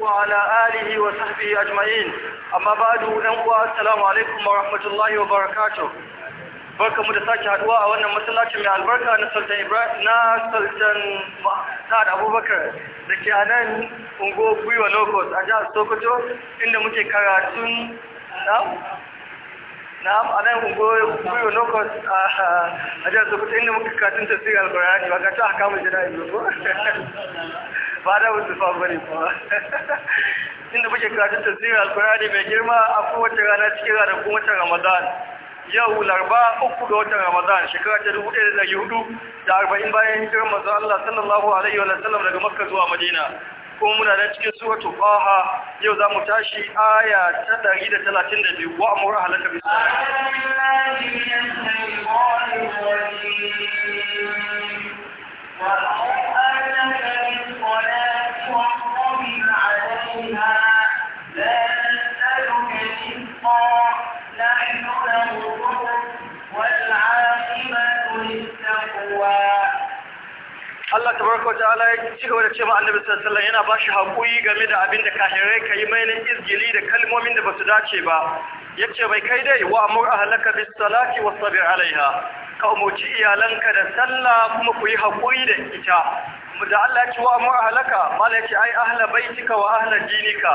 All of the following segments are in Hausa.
وعلى آله وصحبه أجمعين أما بعد أنقوى السلام عليكم ورحمة الله وبركاته barka mu da sake haduwa a wannan masallacin mai albarka na sultan ibrahim na sultan sa'ad abubakar da ke a nan ungo gwiwa locust a jihar sokoto inda muke karatun na'am a nan ungo gwiwa locust a jihar sokoto inda muke karatun tasirin alkurani ba ga ta haka mu jira ilu ba da wasu fa bane kuma inda muke karatun tafsirin alkurani mai girma a kowace rana cikin kuma watan ramadan yau larba uku ga watan ramadan shekara ta dubu ɗaya da ɗari hudu da arba'in bayan hijirar manzo allah sallallahu alaihi wa sallam daga makka zuwa madina kuma muna nan cikin suratul qaha yau za mu tashi aya ta ɗari da da talatin biyu wa amur ahlaka bis salati ولا تحرم عليها لا نسألك رزقا Allah ta ta'ala ya ci gaba da cewa Annabi sallallahu alaihi yana bashi hakuri game da abin da kahirai kai mai na izgili da kalmomin da basu dace ba yace bai kai dai wa amur ahlaka bis salati was sabir alaiha ka umuci iyalanka da sallah kuma ku yi hakuri da ita da Allah ya ci wa amur ahlaka mala yace ai ahla baitika wa ahla dinika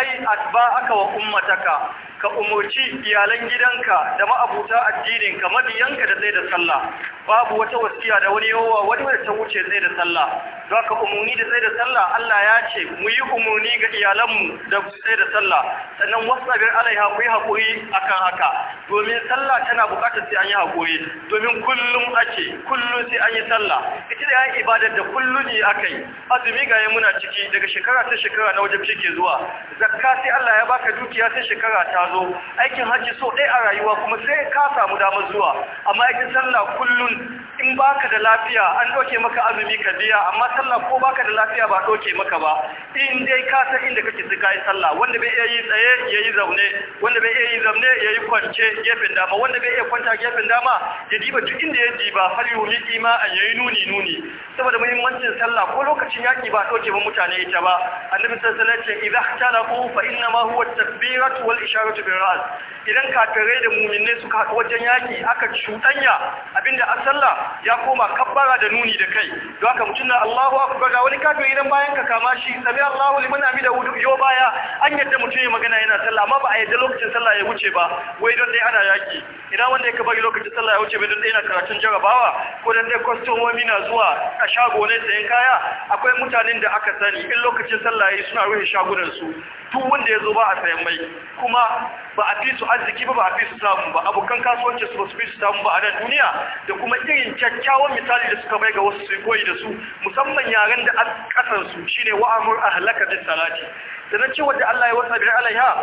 ai atba'aka wa ummataka ka umarci iyalan gidanka da ma'abuta addinin ka madiyanka da zai da sallah babu wata wasiya da wani yawa wani wanda ta wuce zai da sallah Za ka umurni da zai da sallah Allah ya ce mu yi umurni ga iyalanmu da zai da sallah sannan wasabir alaiha ku yi haƙuri akan haka domin sallah tana buƙatar sai an yi haƙuri domin kullum ake kullum sai an yi sallah ita da yi ibadar da kullum ne aka yi azumi ga yi muna ciki daga shekara ta shekara na wajen ciki zuwa zakka sai Allah ya baka dukiya sai shekara ta zo zo aikin hajji so ɗaya a rayuwa kuma sai ka samu damar zuwa amma aikin sallah kullum in baka da lafiya an ɗauke maka azumi ka biya amma sallah ko baka da lafiya ba ɗauke maka ba in dai ka san inda kake su ka yi sallah wanda bai iya yi tsaye ya yi zaune wanda bai iya yi zaune ya yi kwance gefen dama wanda bai iya kwanta gefen dama ya diba duk inda ya diba har wuni ima an yayi nuni nuni saboda muhimmancin sallah ko lokacin yaki ba ɗauke ba mutane ita ba annabi sallallahu alaihi wasallam ya ce idza ku fa inna ma huwa tabbiratu wal isharatu ghazwatu bil idan kafirai da mu'minai suka haɗu wajen yaki aka cuɗanya abinda a sallah ya koma kabbara da nuni da kai don haka mutum na Allahu akbar ga wani kafiri idan bayan ka kama shi sami Allahu liman wudu yo baya an yadda mutum ya magana yana sallah amma ba a yadda lokacin sallah ya wuce ba wai don dai ana yaki idan wanda ya bari lokacin sallah ya wuce bai don dai yana karatun jarabawa ko don dai kwastomomi na zuwa a shago ne sayan kaya akwai mutanen da aka sani in lokacin sallah ya suna rufe shagunan su duk wanda ya zo ba a sayan mai kuma ba a fi su arziki ba ba a fi su samu ba abokan kasuwanci su ba su fi su samu ba a nan duniya da kuma irin kyakkyawan misali da suka bai ga wasu sai koyi da su musamman yaren da a kasar su shine wa'amur ahlaka bis salati na cewa da Allah ya wasa bi alaiha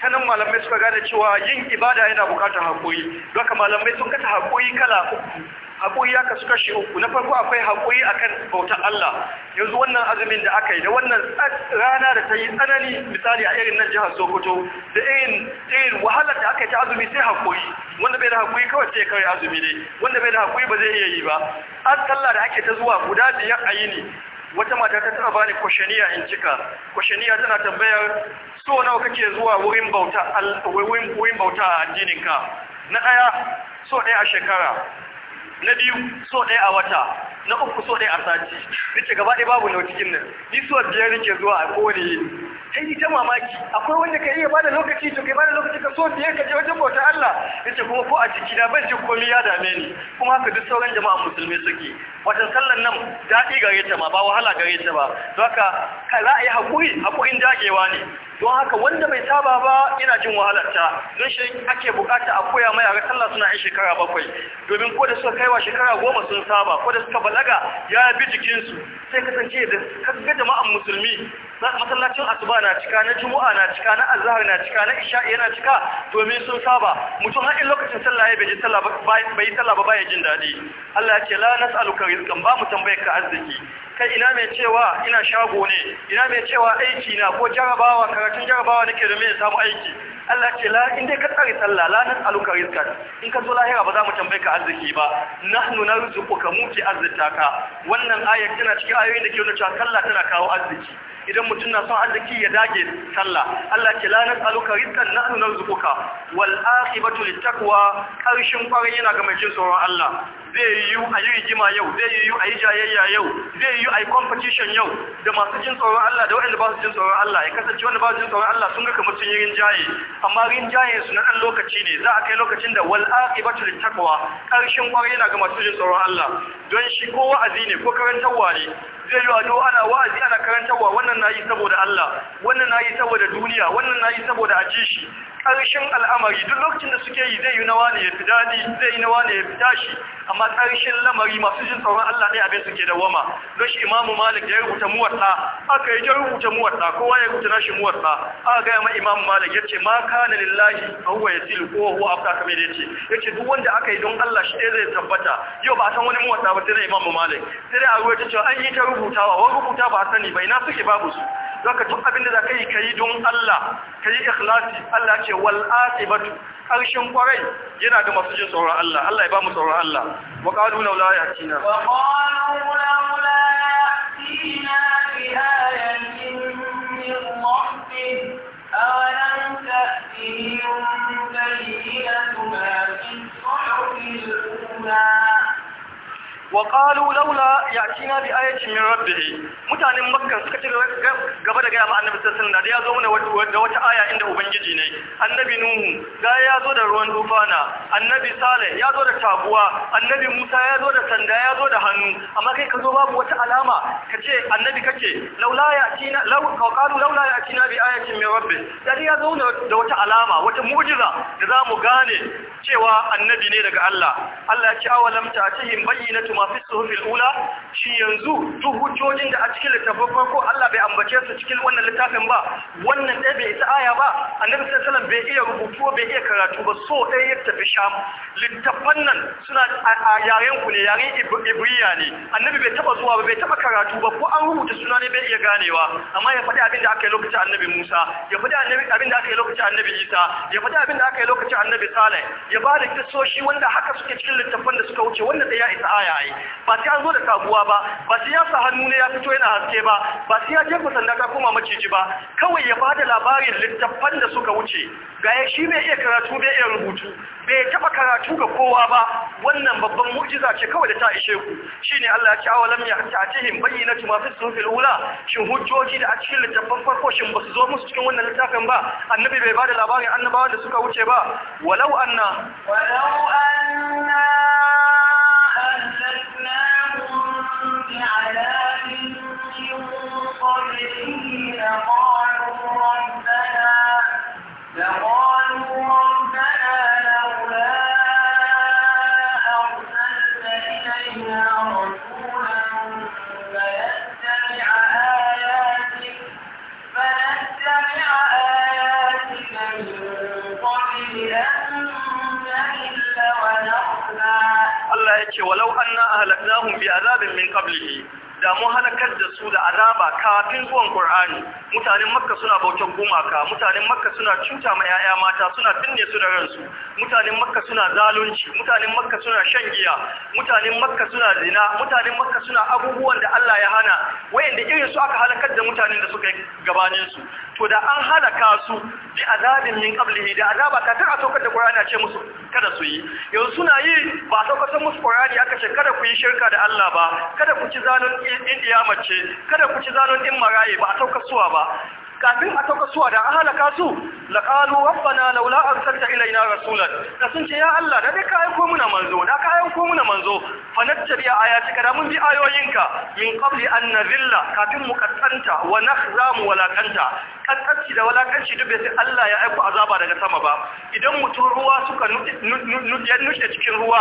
sanan malamai suka gane cewa yin ibada yana bukatar hakuri doka malamai sun kata hakuri kala uku haƙuri ya kasu shi uku na farko akwai haƙuri akan bautar Allah yanzu wannan azumin da aka yi da wannan rana da ta yi tsanani misali a irin nan jihar Sokoto da irin irin wahalar da aka yi ta azumi sai haƙuri wanda bai da haƙuri kawai sai kawai azumi ne wanda bai da haƙuri ba zai iya yi ba an sallah da ake ta zuwa guda biyar a yi ne. wata mata ta taba bani kwashaniya in cika kwashaniya tana tambayar so nawa kake zuwa wurin bauta wurin bauta addininka na ɗaya so ɗaya a shekara na biyu so ɗaya a wata na uku so ɗaya a sati nake gaba ɗaya babu na cikin nan ni so biyar nake zuwa a kowane yi. sai ni ta mamaki akwai wanda ka iya bada lokaci to kai bada lokaci ka so biyar ka je wajen bautar Allah nake kuma ko a jiki na ban jin komai ya dame ni kuma haka duk sauran jama'a musulmi suke watan sallan nan daɗi gareta ta ma ba wahala gare ta ba don haka za a yi hakuri, haƙurin dagewa ne don haka wanda bai saba ba ina jin wahalarta don shi ake bukata a koya mai a sallah suna yin shekara bakwai domin ko da suka kai wa shekara goma sun saba ko da suka balaga ya bi jikinsu sai kasance da kaga jama'an musulmi masallacin asuba na cika na juma'a na cika na azhar na cika na isha yana cika domin sun saba mutum har in lokacin sallah bai ji sallah bai sallah ba bai jin dadi Allah ya ce la nas'aluka rizqan ba mu tambayar ka arziki kai ina mai cewa ina shago ne ina mai cewa aiki na ko jarabawa karatun jarabawa nake da me samu aiki Allah ce la inda ka tsari sallah la nan aluka in ka zo lahira ba za mu tambaye ka arziki ba nahnu narzuquka mu ki arzitaka wannan ayat tana cikin ayoyin da ke nuna cewa sallah tana kawo arziki idan mutum na son arziki ya dage sallah Allah ce la nas'aluka rizqan nahnu narzuquka wal aqibatu littaqwa karshen kwarin yana ga mai jin tsoron Allah zai yi a yi rigima yau zai yi a yi jayayya yau zai yi a yi competition yau da masu jin tsoron Allah da waɗanda ba su jin tsoron Allah ya kasance wanda ba su jin tsoron Allah sun ga kamar sun yi rinjaye amma rinjaye su na ɗan lokaci ne za a kai lokacin da wal aqibatu littaqwa karshen kwarin yana ga masu jin tsoron Allah don shi ko wa'azi ne ko karantarwa ne zai yi wa ana wa'azi karantarwa wannan na yi saboda Allah wannan na yi saboda duniya wannan na yi saboda aji shi ƙarshen al'amari duk lokacin da suke yi zai yi nawa ne ya fi daɗi zai yi nawa ne ya fi tashi amma ƙarshen lamari masu jin tsoron Allah ne abin suke dawama don shi imamu malik ya rubuta muwatta aka yi rubuta muwatta kowa ya rubuta nashi muwatta aka gaya ma imamu malik ya ce ma kana lillahi fa huwa yasil ko huwa afta kamar da yace yace duk wanda aka yi don Allah shi zai tabbata yau ba a san wani muwatta ba sai imamu malik sai dai a ta ce an yi ta rubutawa wani rubuta ba a sani bai ina suke babu su ka duk abin da ka yi don Allah yi ikhlasi Allah ce wal batu. karshen kwarai yana da masu jin tsoron Allah Allah ya ba mu tsoron Allah wa qalu law la yatina wa qalu law wa qalu laula yatina bi ayatin min rabbih mutanen makka suka ci gaba da gaya ma annabi sallallahu alaihi wasallam da yazo mana da wata aya inda ubangiji ne annabi nuhu ga zo da ruwan tufana. annabi saleh ya zo da tabuwa annabi musa ya zo da sanda ya zo da hannu amma kai ka zo babu wata alama kace annabi kake laula yatina law qalu laula yatina bi ayatin min rabbih ya zo da wata alama wata mu'jiza da za mu gane cewa annabi ne daga Allah Allah ya ce awalam ta'tihim bayyinatun ma fi suhufil ula shi yanzu duk hujjojin da a cikin littafin farko Allah bai ambace su cikin wannan littafin ba wannan ɗaya bai isa aya ba annabi sallallahu alaihi wasallam bai iya rubutu bai iya karatu ba so ɗaya ya tafi sham littafan nan suna a yaren ku ne yaren ibriya ne annabi bai taba zuwa ba bai taba karatu ba ko an rubuta suna ne bai iya ganewa amma ya faɗi abin da aka yi lokacin annabi Musa ya faɗi abin da aka yi lokacin annabi Isa ya faɗi abin da aka yi lokacin annabi Saleh ya ba da kisoshi wanda haka suke cikin littafan da suka wuce wanda ɗaya isa aya yi ba sai an zo da kabuwa ba ba sai ya sa hannu ne ya fito yana haske ba ba sai ya jefa sanda ta koma maciji ba kawai ya bada labarin littafan da suka wuce ya shi bai iya karatu bai iya rubutu bai taba karatu ga kowa ba wannan babban mu'jiza ce kawai da ta ishe ku shine Allah ya ce awalam ya ta'tihim bayyinatu ma fi suhufil ula shin hujjoji da a cikin littafan farko shin ba su zo musu cikin wannan littafin ba annabi bai bada labarin annabawan da suka wuce ba walau anna walau anna أنا أهلكناهم بعذاب من قبله da mu halakar da su da azaba kafin zuwan Qur'ani mutanen Makka suna bautar gumaka mutanen Makka suna cuta ma yaya mata suna binne su da ransu mutanen Makka suna zalunci mutanen Makka suna shan giya mutanen Makka suna zina mutanen Makka suna abubuwan da Allah ya hana wayanda irin su aka halakar da mutanen da suka gabanin su to da an halaka su bi azabin min qablihi da azaba ka tar a saukar da Qur'ani a ce musu kada su yi yanzu suna yi ba saukar musu Qur'ani aka ce kada ku yi shirka da Allah ba kada ku ci zalunci in ɗiya mace kada ku ci zalun ɗin maraye ba a sauka suwa ba kafin a sauka suwa da an halaka su la qalu rabbana laula arsalta ilaina rasulan da sun ce ya Allah da ka ko muna manzo da ka ko muna manzo fa nattabi ayatika kada mun bi ayoyinka min qabli an nazilla kafin mu katsanta wa nakhzamu walakanta katsanci da walakanci duk bai Allah ya aiko azaba daga sama ba idan mutum ruwa suka nuke cikin ruwa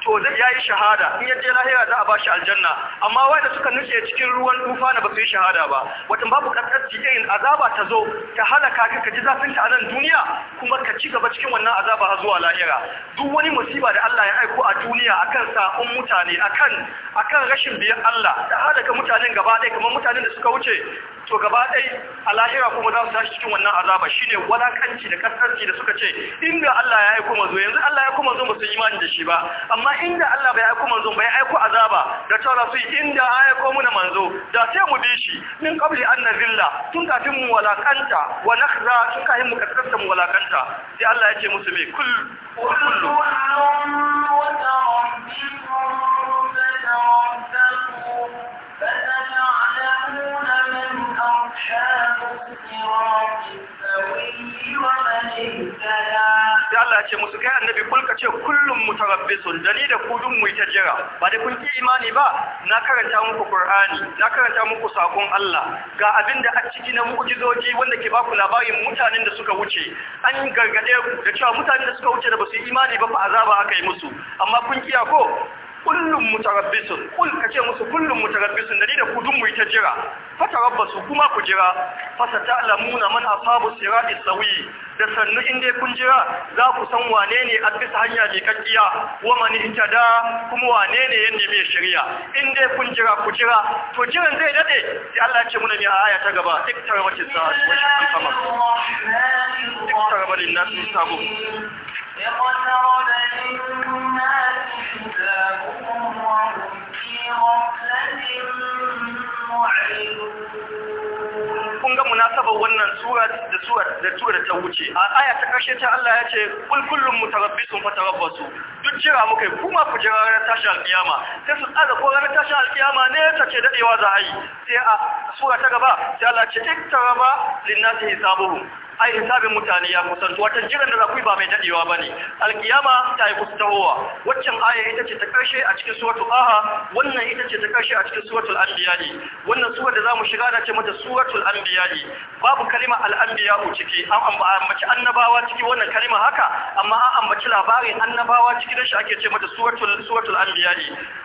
to zai yayi shahada in yaje lahira za a bashi aljanna amma wanda suka nuke cikin ruwan tufa na ba su yi shahada ba Wata babu katsanci irin azaba azaba ta zo ta halaka ka ka ji zafin ta a nan duniya kuma ka ci gaba cikin wannan azaba har zuwa lahira duk wani musiba da Allah ya aiko a duniya akan sa'un mutane akan akan rashin biyan Allah ta halaka mutanen gaba ɗaya kamar mutanen da suka wuce to gaba ɗai a lahira kuma za su tashi cikin wannan azaba ne walakanci da kasarci da suka ce inda Allah ya aiko manzo yanzu Allah ya aiko manzo ba su yi imani da shi ba amma inda Allah bai aiko manzo bai aiko azaba da tsara su inda ya aiko muna manzo da sai mu bi shi min qabli an nazilla tun kafin mu walakanta wa nakhza tun kafin mu kasarta mu walakanta sai Allah ya ce musu me kul kullu wa ta'ammu wa ta'ammu Ya Allah ce musu kai annabi kul ka ce kullum mutarabbisun ni da ku dun muyi ta jira ba da kun ki imani ba na karanta muku Qur'ani na karanta muku sakon Allah ga abinda a ciki na mu'jizoji wanda ke baku labarin mutanen da suka wuce an gargade ku da cewa mutanen da suka wuce da basu imani ba fa azaba aka yi musu amma kun kiya ko kullum mutarabbisun kul kace musu kullum mutarabbisun da ni da kudun mu ta jira fatarabbasu kuma ku jira fasata'lamuna man asabu sirati sawi da sannu inda kun jira za ku san wane ne a bisa hanya mai kakkiya wa man ihtada kuma wane ne ya nemi shari'a inda kun jira ku jira to jiran zai dade sai Allah ya ce muna ne a aya ta gaba iktara mace sa wa shi kama iktara balin nasu sabu يقترب للناس munasabar wannan sura da sura da sura ta wuce a aya ta karshe ta Allah ya ce kul kullum mutarabbisun tarabbasu duk jira muka yi kuma ku jira ranar tashi alkiyama sai su tsara ko ranar tashi alkiyama ne ta ce dadewa za a yi sai a sura ta gaba sai Allah ce iktaraba linnasi hisabuhum ai hisabin mutane ya kusanto wata jiran da za ku yi ba mai dadewa bane alkiyama ta yi kusantowa waccan aya ita ce ta karshe a cikin suratul aha wannan ita ce ta karshe a cikin suratul anbiya wannan surar da zamu shiga da ce mata suratul anbiya babu kalima al anbiya ciki an ambaci annabawa ciki wannan kalima haka amma an ambaci labarin annabawa ciki da shi ake ce mata suratul suratul anbiya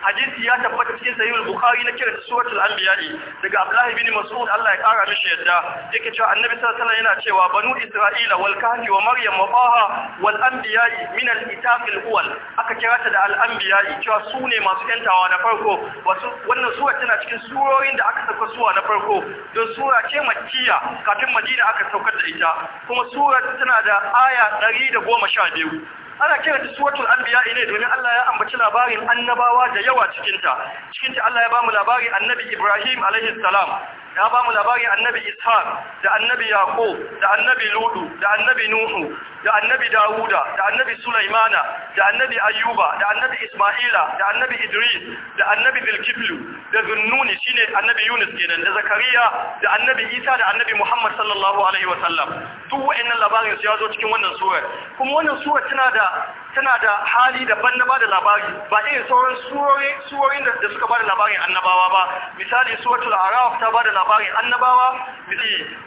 hadisi ya tabbata cikin sahih bukhari na kira suratul anbiya daga abdullahi bin mas'ud Allah ya kara mishi yadda yake cewa annabi sallallahu alaihi wasallam yana cewa banu isra'ila wal kahfi wa maryam wa taha wal anbiya'i min al itaf al aka kira ta da al anbiya'i cewa sune masu yantawa na farko wasu wannan sura tana cikin surorin da aka sauka suwa na farko don sura ce makkiya kafin madina aka saukar da ita kuma sura tana da aya 112 ana kira ta suwatul anbiya ne domin Allah ya ambaci labarin annabawa da yawa cikinta cikinta Allah ya bamu labarin annabi Ibrahim alaihi salam ya ba mu labarin annabi ishaq da annabi yaqub da annabi ludu da annabi nuhu da annabi dawuda da annabi sulaimana da annabi ayyuba da annabi isma'ila da annabi idris da annabi bilkiflu da zunnuni shine annabi yunus kenan da zakariya da annabi isa da annabi muhammad sallallahu alaihi duk wa'annan labarin su ya zo cikin wannan sura kuma wannan sura tana da tana da hali daban na da labari ba irin sauran surorin da suka ba da labarin annabawa ba misali suratul araf ta ba da labarin annabawa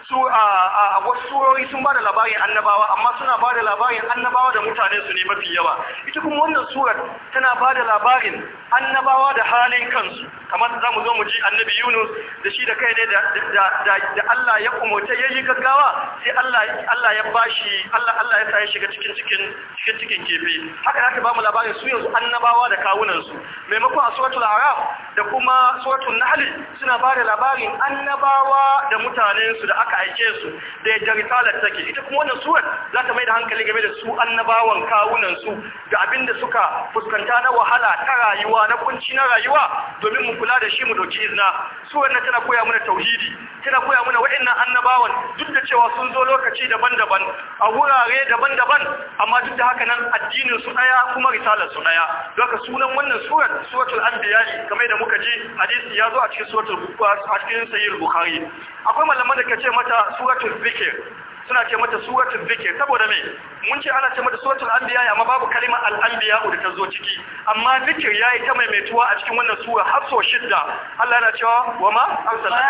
su a wasu surori sun bada labarin annabawa amma suna ba da labarin annabawa da mutane su ne mafi yawa ita kuma wannan surar tana ba da labarin annabawa da halin kansu kamar za mu zo mu ji annabi Yunus da shi da kai ne da Allah ya umarta yi gaggawa sai Allah ya bashi Allah ya sa ya shiga cikin cikin cikin cikin kefe haka aka ba mu labarin su yanzu annabawa da kawunansu maimakon a suratul araf da kuma suratul nahl suna ba da labarin annabawa da mutanensu da aka aike su da yadda risalar take ita kuma wannan surat za ta mai da hankali game da su annabawan kawunansu da abin da suka fuskanta na wahala ta rayuwa na kunci na rayuwa domin mu kula da shi mu doki izina su wannan tana koya mana tauhidi tana koya mana wa'annan annabawan duk da cewa sun zo lokaci daban-daban a wurare daban-daban amma duk da haka nan addinin su daya kuma risalar su daya doka sunan wannan surar suratul anbiya kamar da muka ji hadisi ya zo a cikin suratul bukhari a cikin sahih bukhari akwai malaman da kace mata suratul zikr suna ce mata suratul zikr saboda me mun ce ana ce mata suratul anbiya amma babu kalima al-anbiya da ta zo ciki amma zikir yayi ta maimaituwa a cikin wannan sura har so shidda Allah yana cewa wa ma arsalna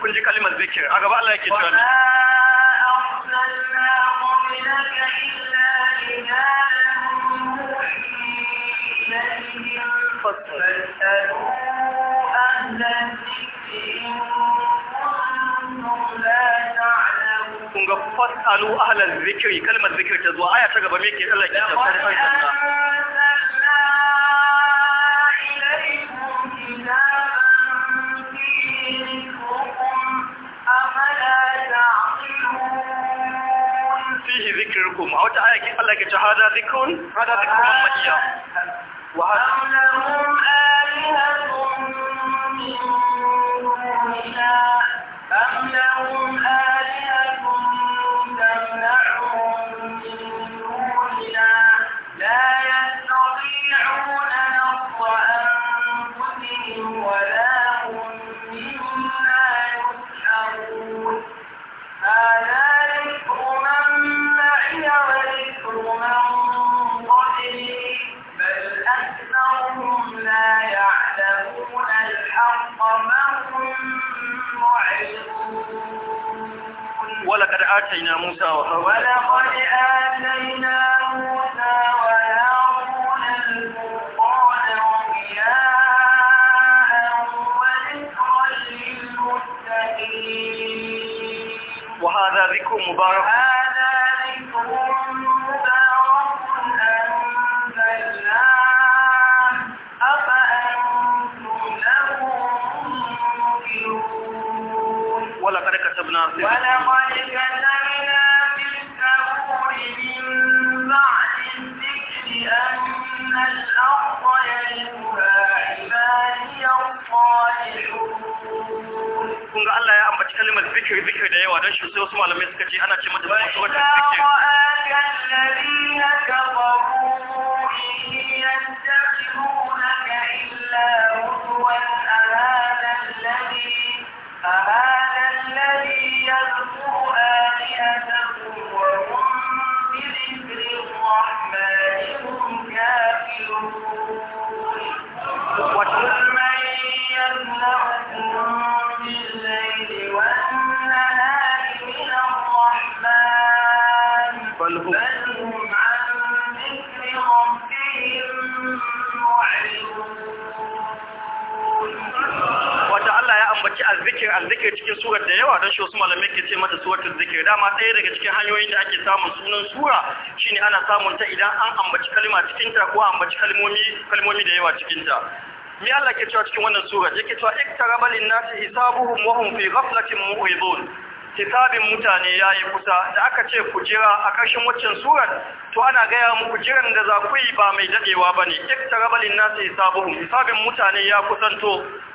kun ji kalimar zikir a gaba Allah yake cewa فاسألوا أهل الذكر كلمة ذكر تزوى آية تقبل ميكي إلا كتاب آية الله قلت هذا ذكر هذا ذكر من دون الله آتينا موسى وهارون ولقد آتينا موسى وهارون الفرقان وضياء وذكرا للمتقين وهذا ذكر مبارك da yawa don shi sai wasu malamai suka ce ana ce mata wata wata suke zikir al-zikir cikin surar da yawa don shi wasu malamai ke ce mata suratul zikir dama ɗaya daga cikin hanyoyin da ake samun sunan sura shine ana samun ta idan an ambaci kalma cikin ta ko ambaci kalmomi kalmomi da yawa cikin ta me Allah ke cewa cikin wannan sura yake cewa iktaraba lin-nasi hisabuhum wa hum fi ghaflatin mu'ridun hisabin mutane yayi kusa da aka ce ku jira a ƙarshen waccan surar to ana gaya muku jiran da za ba mai dadewa bane iktaraba lin-nasi hisabuhum hisabin mutane ya kusanto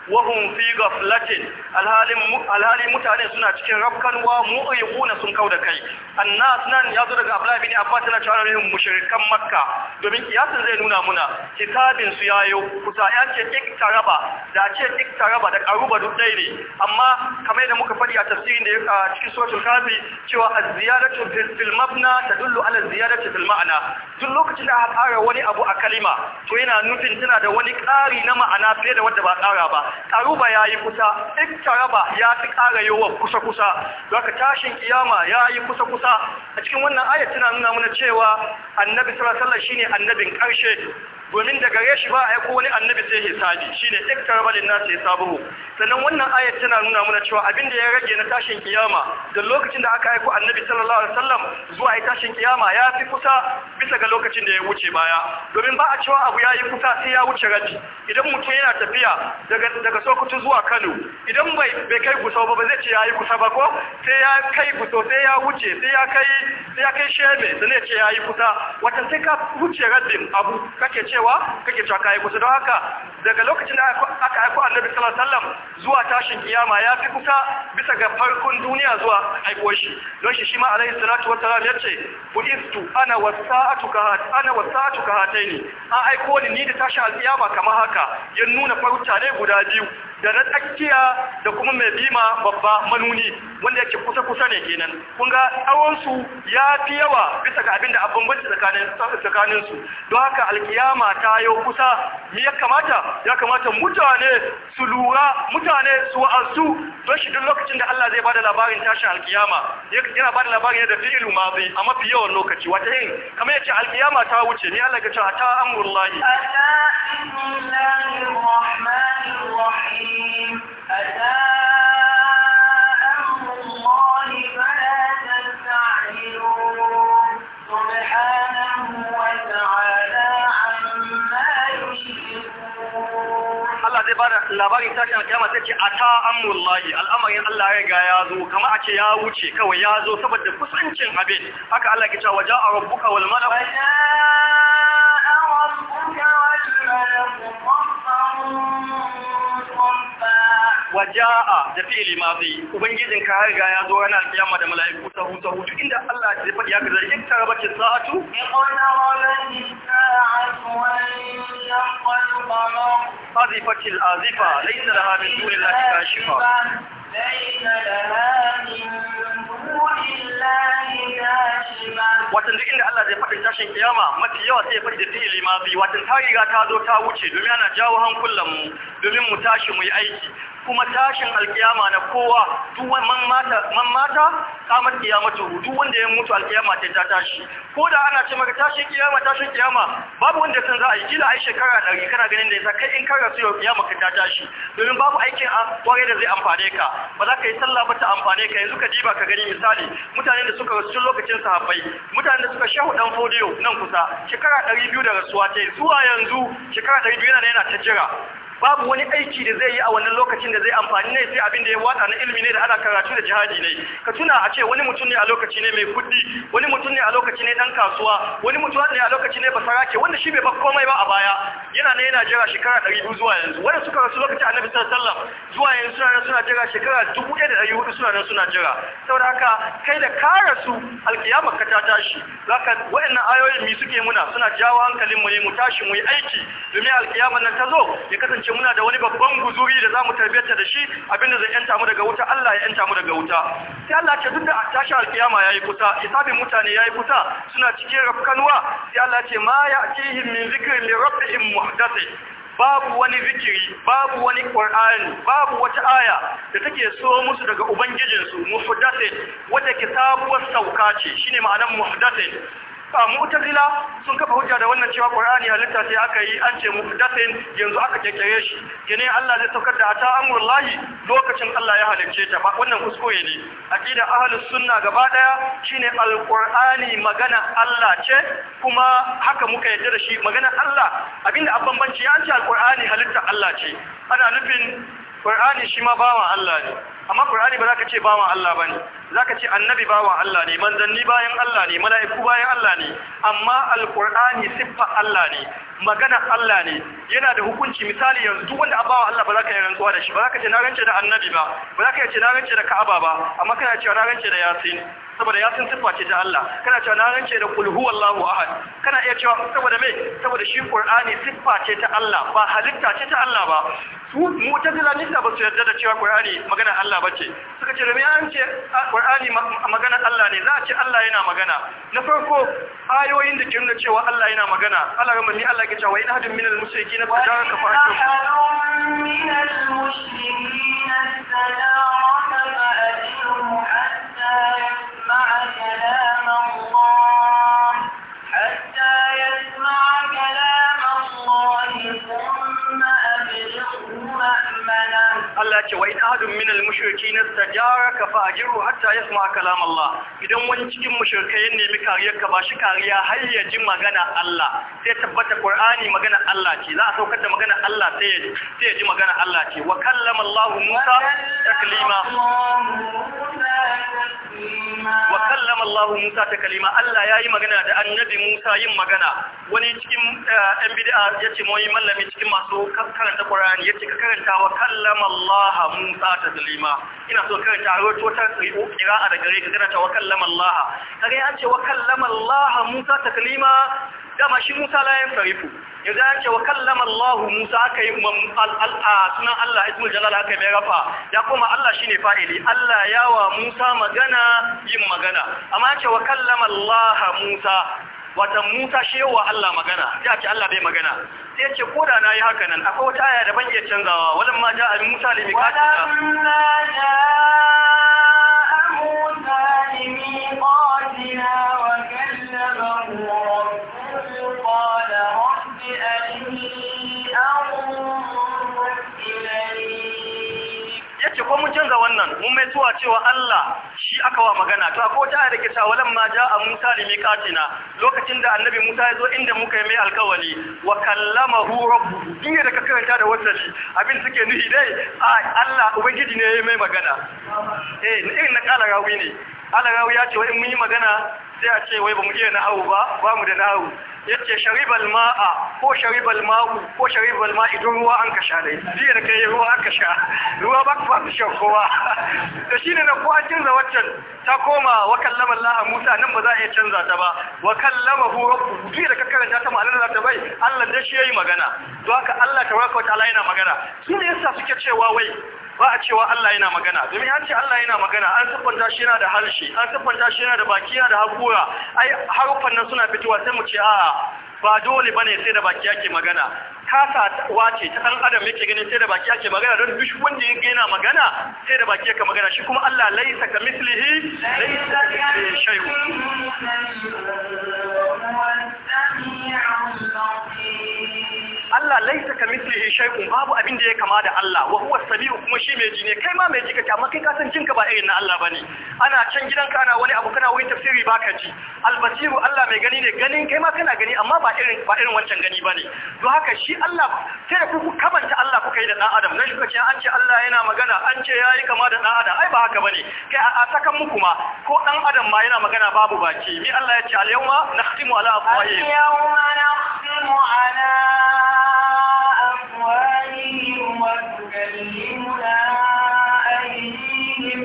wahum fi ghaflatin alhalin mutane suna cikin rafkanwa ayyuna sun da kai annas nan yazo daga abdullahi bin Abbas tana cewa rahim mushrikan Makka domin kiyasin zai nuna muna kitabin su yayo kusa ya ce taraba da ce taraba da karuba duk dai ne amma kamar yadda muka fadi a tafsirin da yake cikin suratul kafi cewa az-ziyadatu fil mabna tadullu ala ziyadati fil ma'na duk lokacin da aka ƙara wani abu a kalima to yana nufin tana da wani ƙari na ma'ana fiye da wanda ba ƙara ba karuba ya yi kusa raba ya fi ƙara wa kusa-kusa aka tashin kiyama ya yi kusa-kusa a cikin wannan ayat tana nuna mana cewa annabi sallallahu shi ne shine annabin ƙarshe domin daga gare shi ba a aiko wani annabi sai hisabi shine iktaraba linnas sabo. sannan wannan ayat tana nuna mana cewa abin da ya rage na tashin kiyama da lokacin da aka aiko annabi sallallahu alaihi wasallam zuwa ai tashin kiyama ya fi kusa bisa ga lokacin da ya wuce baya domin ba a cewa abu yayi kusa sai ya wuce rabi idan mutum yana tafiya daga daga Sokoto zuwa Kano idan bai bai kai kusa ba ba zai ce yayi kusa ba ko sai ya kai kusa sai ya wuce sai ya kai sai ya kai Shebe sai ya ce yayi kusa wata sai ka wuce rabin abu kake ce cewa kake cewa kai kusa don haka daga lokacin da aka aiko annabi sallallahu alaihi wasallam zuwa tashin kiyama ya fi kusa bisa ga farkon duniya zuwa aiko shi don shi shi ma alaihi salatu wassalam ya ce budistu ana wasa'atu ka ana wasa'atu ka an aiko ni ni da tashin alkiyama kamar haka ya nuna farauta ne guda biyu da na tsakiya da kuma mai bima babba manuni wanda yake kusa-kusa ne kenan kun ga tsawonsu ya fi yawa bisa ga abin da abin bambanci tsakaninsu don haka alkiyama kiyama ta yo kusa mi ya kamata ya kamata mutane su lura mutane su wa'azu don shi duk lokacin da Allah zai bada labarin tashin alkiyama yana bada labarin da fi'ilu madi a mafi yawan lokaci wata yin kamar yace alkiyama ta wuce ni Allah ya ce ta amrullahi Allah rahmanir rahim Labarin ta kan kiyama sai ce ata amrullahi al'amarin Allah ya ga ya zo kama a ce ya wuce kawai ya zo saboda kusancin abin haka Allah ke cewa waja'a rabbuka wal malaku waja'a da fi'ili mafi, ubangijin ka har ya zo yana kiyama da mala'iku ta hutu hutu inda Allah ya faɗi haka gaza, yin taraba ce sa'atu azifatil azifa laisa da min dunillahi lafi ka laha min watan duk da Allah zai faɗin tashin kiyama mafi yawa sai ya faɗi da fi'ili ma watan ta ta zo ta wuce domin ana jawo hankulanmu, domin mu tashi mu yi aiki kuma tashin alkiyama na kowa duk man mata kamar kiyamatu duk wanda ya mutu alkiyama ta ta tashi ko da ana ce maka tashin kiyama tashin kiyama babu wanda san za a yi kila ai shekara ɗari kana ganin da sa kai in ka rasu yau kiyama ka ta tashi domin babu aikin a kware da zai amfane ka ba za ka yi sallah ba ta amfane ka yanzu ka diba ka gani misali mutanen da suka rasu tun lokacin sahabbai mutane da suka shehu dan fodiyo nan kusa shekara biyu da rasuwa ta zuwa yanzu shekara 200 yana yana ta jira babu wani aiki da zai yi a wannan lokacin da zai amfani ne sai abin da ya wata na ilimi ne da ana karatu da jihadi ne ka tuna a ce wani mutum ne a lokaci ne mai kudi wani mutum ne a lokaci ne dan kasuwa wani mutum ne a lokaci ne ke wanda shi bai ba komai ba a baya yana ne yana jira shekara 200 zuwa yanzu wanda suka rasu lokacin annabi sallallahu alaihi wasallam zuwa yanzu suna suna jira shekara 1400 suna nan suna jira saboda haka kai da ka rasu alkiyama ka ta tashi zaka wayannan ayoyin mi suke muna suna jawo hankalin mu ne mu tashi mu yi aiki domin alkiyama nan ta zo ya kasance kasance muna da wani babban guzuri da zamu tarbiyarta da shi abinda zai yanta mu daga wuta Allah ya yanta mu daga wuta sai Allah ce duk da tashi alkiyama yayi kusa hisabin mutane yayi kusa suna cikin rafkanuwa sai Allah ce ma ya'tihim min zikri li rabbihim muhdathi babu wani zikiri babu wani qur'an babu wata aya da take so musu daga ubangijinsu muhdathi wata sabuwar sauka ce shine ma'anar muhdathi mu'tazila sun kafa hujja da wannan cewa qur'ani halitta sai aka yi an ce muhdathin yanzu aka kekkere shi Gane Allah zai saukar da ata amrullahi lokacin Allah ya halicce ta ba wannan kuskure ne aqida ahlus sunna gaba daya shine alqur'ani magana Allah ce kuma haka muka yarda da shi magana Allah abinda abban banci an ce alqur'ani halitta Allah ce ana nufin Qur'ani shi ma bawan Allah ne amma Qur'ani ba za ka ce bawa Allah ba ne za ka ce annabi bawa Allah ne manzanni bayan Allah ne mala'iku bayan Allah ne amma alƙur'ani siffa Allah ne magana Allah ne yana da hukunci misali yanzu duk wanda abawa Allah ba za ka yi rantsuwa da shi ba za ka ce na rance da annabi ba ba za ka ce na rance da Ka'aba ba amma kana cewa na rance da Yasin saboda ya san sifa ce ta Allah kana cewa na rance da kul huwallahu ahad kana iya cewa saboda me saboda shi Qur'ani sifa ce ta Allah ba halitta ce ta Allah ba su mu'tazila ne da basu yarda da cewa Qur'ani magana Allah bace suka ce me an ce Qur'ani magana Allah ne za a ce Allah yana magana na farko ayoyin da ke nuna cewa Allah yana magana Allah ga ni Allah ke cewa in hadin minal musyrikin fa jaraka fa minal musyrikin fa مع النهار ce wa in ahadun min al-mushrikeena istajaraka fa ajiru hatta yasma kalam Allah idan wani cikin mushrikai ya nemi kariyar ka ba shi kariya har ya ji magana Allah sai tabbata Qur'ani magana Allah ce za a saukar da magana Allah sai ya sai ya ji magana Allah ce wa kallama Allah Musa taklima wa kallama Allah Musa taklima Allah yayi magana da annabi Musa yin magana wani cikin ɗan eh, bid'a yace mu yi mallami cikin masu karanta Qur'ani yace ka karanta wa kallama Allah a Musa ta ina so kai ta rawaito ta qira'a da gare ka kana ta wakallama Allah kage an ce wakallama Allah Musa ta Zulima dama shi Musa la yan sarifu yanzu an ce wakallama Allah Musa aka yi al'a sunan Allah ismul jalal aka mai rafa ya kuma Allah shine fa'ili Allah yawa Musa magana yin magana amma an ce wakallama Allah Musa wata Musa yawa Allah magana ya ce Allah bai magana sai ce ko da nayi haka nan akwai wata aya da ban iya canzawa walan ma ja'a Musa li miqatina walan ja'a Musa wannan mun mai zuwa cewa Allah shi aka wa magana to akwai wata da ke cewa walam ma a Musa li miqatina lokacin da annabi Musa ya zo inda muka yi mai alkawali wa kallamahu rabbu inda da ka karanta da wasali abin suke nuhi dai Allah ubangiji ne ya yi mai magana eh irin na kala rawi ne Allah rawi ya ce wa in mun yi magana sai a ce wai ba mu iya nahawu ba ba mu da Ya ce sharibal ma'a ko sharibal ma'u ko sharibal ma'i don ruwa an ka sha dai jiya da kai ruwa aka sha ruwa ba ka fasa shan kowa to shine na ko an canza waccan ta koma wa kallama Allah Musa nan ba za a iya canza ta ba wa kallama hu rabbu jiya da ka karanta ta ma'anar da ta bai Allah da shi yayi magana don haka Allah tabaraka wa ta'ala yana magana shine yasa suke cewa wai ba a cewa Allah yana magana domin an ce Allah yana magana an siffanta shi yana da harshe an siffanta shi yana da baki yana da hakora ai harufan nan suna fitowa sai mu ce a'a ba dole bane sai da baki yake magana kasa wace ta dan adam yake ganin sai da baki yake magana don duk wanda yake yana magana sai da baki yake magana shi kuma Allah laisa ka mislihi laisa ka shay'un Allah laisa ka mislihi shay'un babu abin da ya kama da Allah wa huwa kuma shi mai ji ne kai ma mai ji kake amma kai ka san jinka ba irin na Allah bane ana can gidanka ana wani abu kana wani tafsiri baka ji albasiru Allah mai gani ne ganin kai ma kana gani amma ba irin ba irin wancan gani bane don haka shi Allah sai da ku kamanta Allah kuka yi da dan adam nan kuka ce an ce Allah yana magana an ce yayi kama da dan adam ai ba haka bane kai a sakan muku ma ko dan adam ma yana magana babu baki mi Allah ya ce al yawma nakhtimu ala afwahihim al yawma nakhtimu ala تكلمنا أيديهم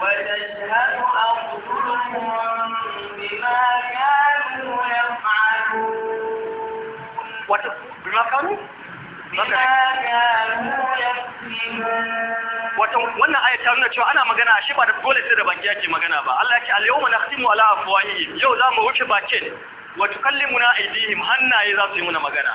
وتشهد أرجلهم بما كانوا يفعلون بما كانوا؟ بما كانوا يكسبون wato wannan ayat ta nuna cewa ana magana shi ba da dole sai da baki yake magana ba Allah ya yake al-yawma nakhtimu ala afwahihim yau za mu wuce bakin wa tukallimuna aydihim hannaye za su yi muna magana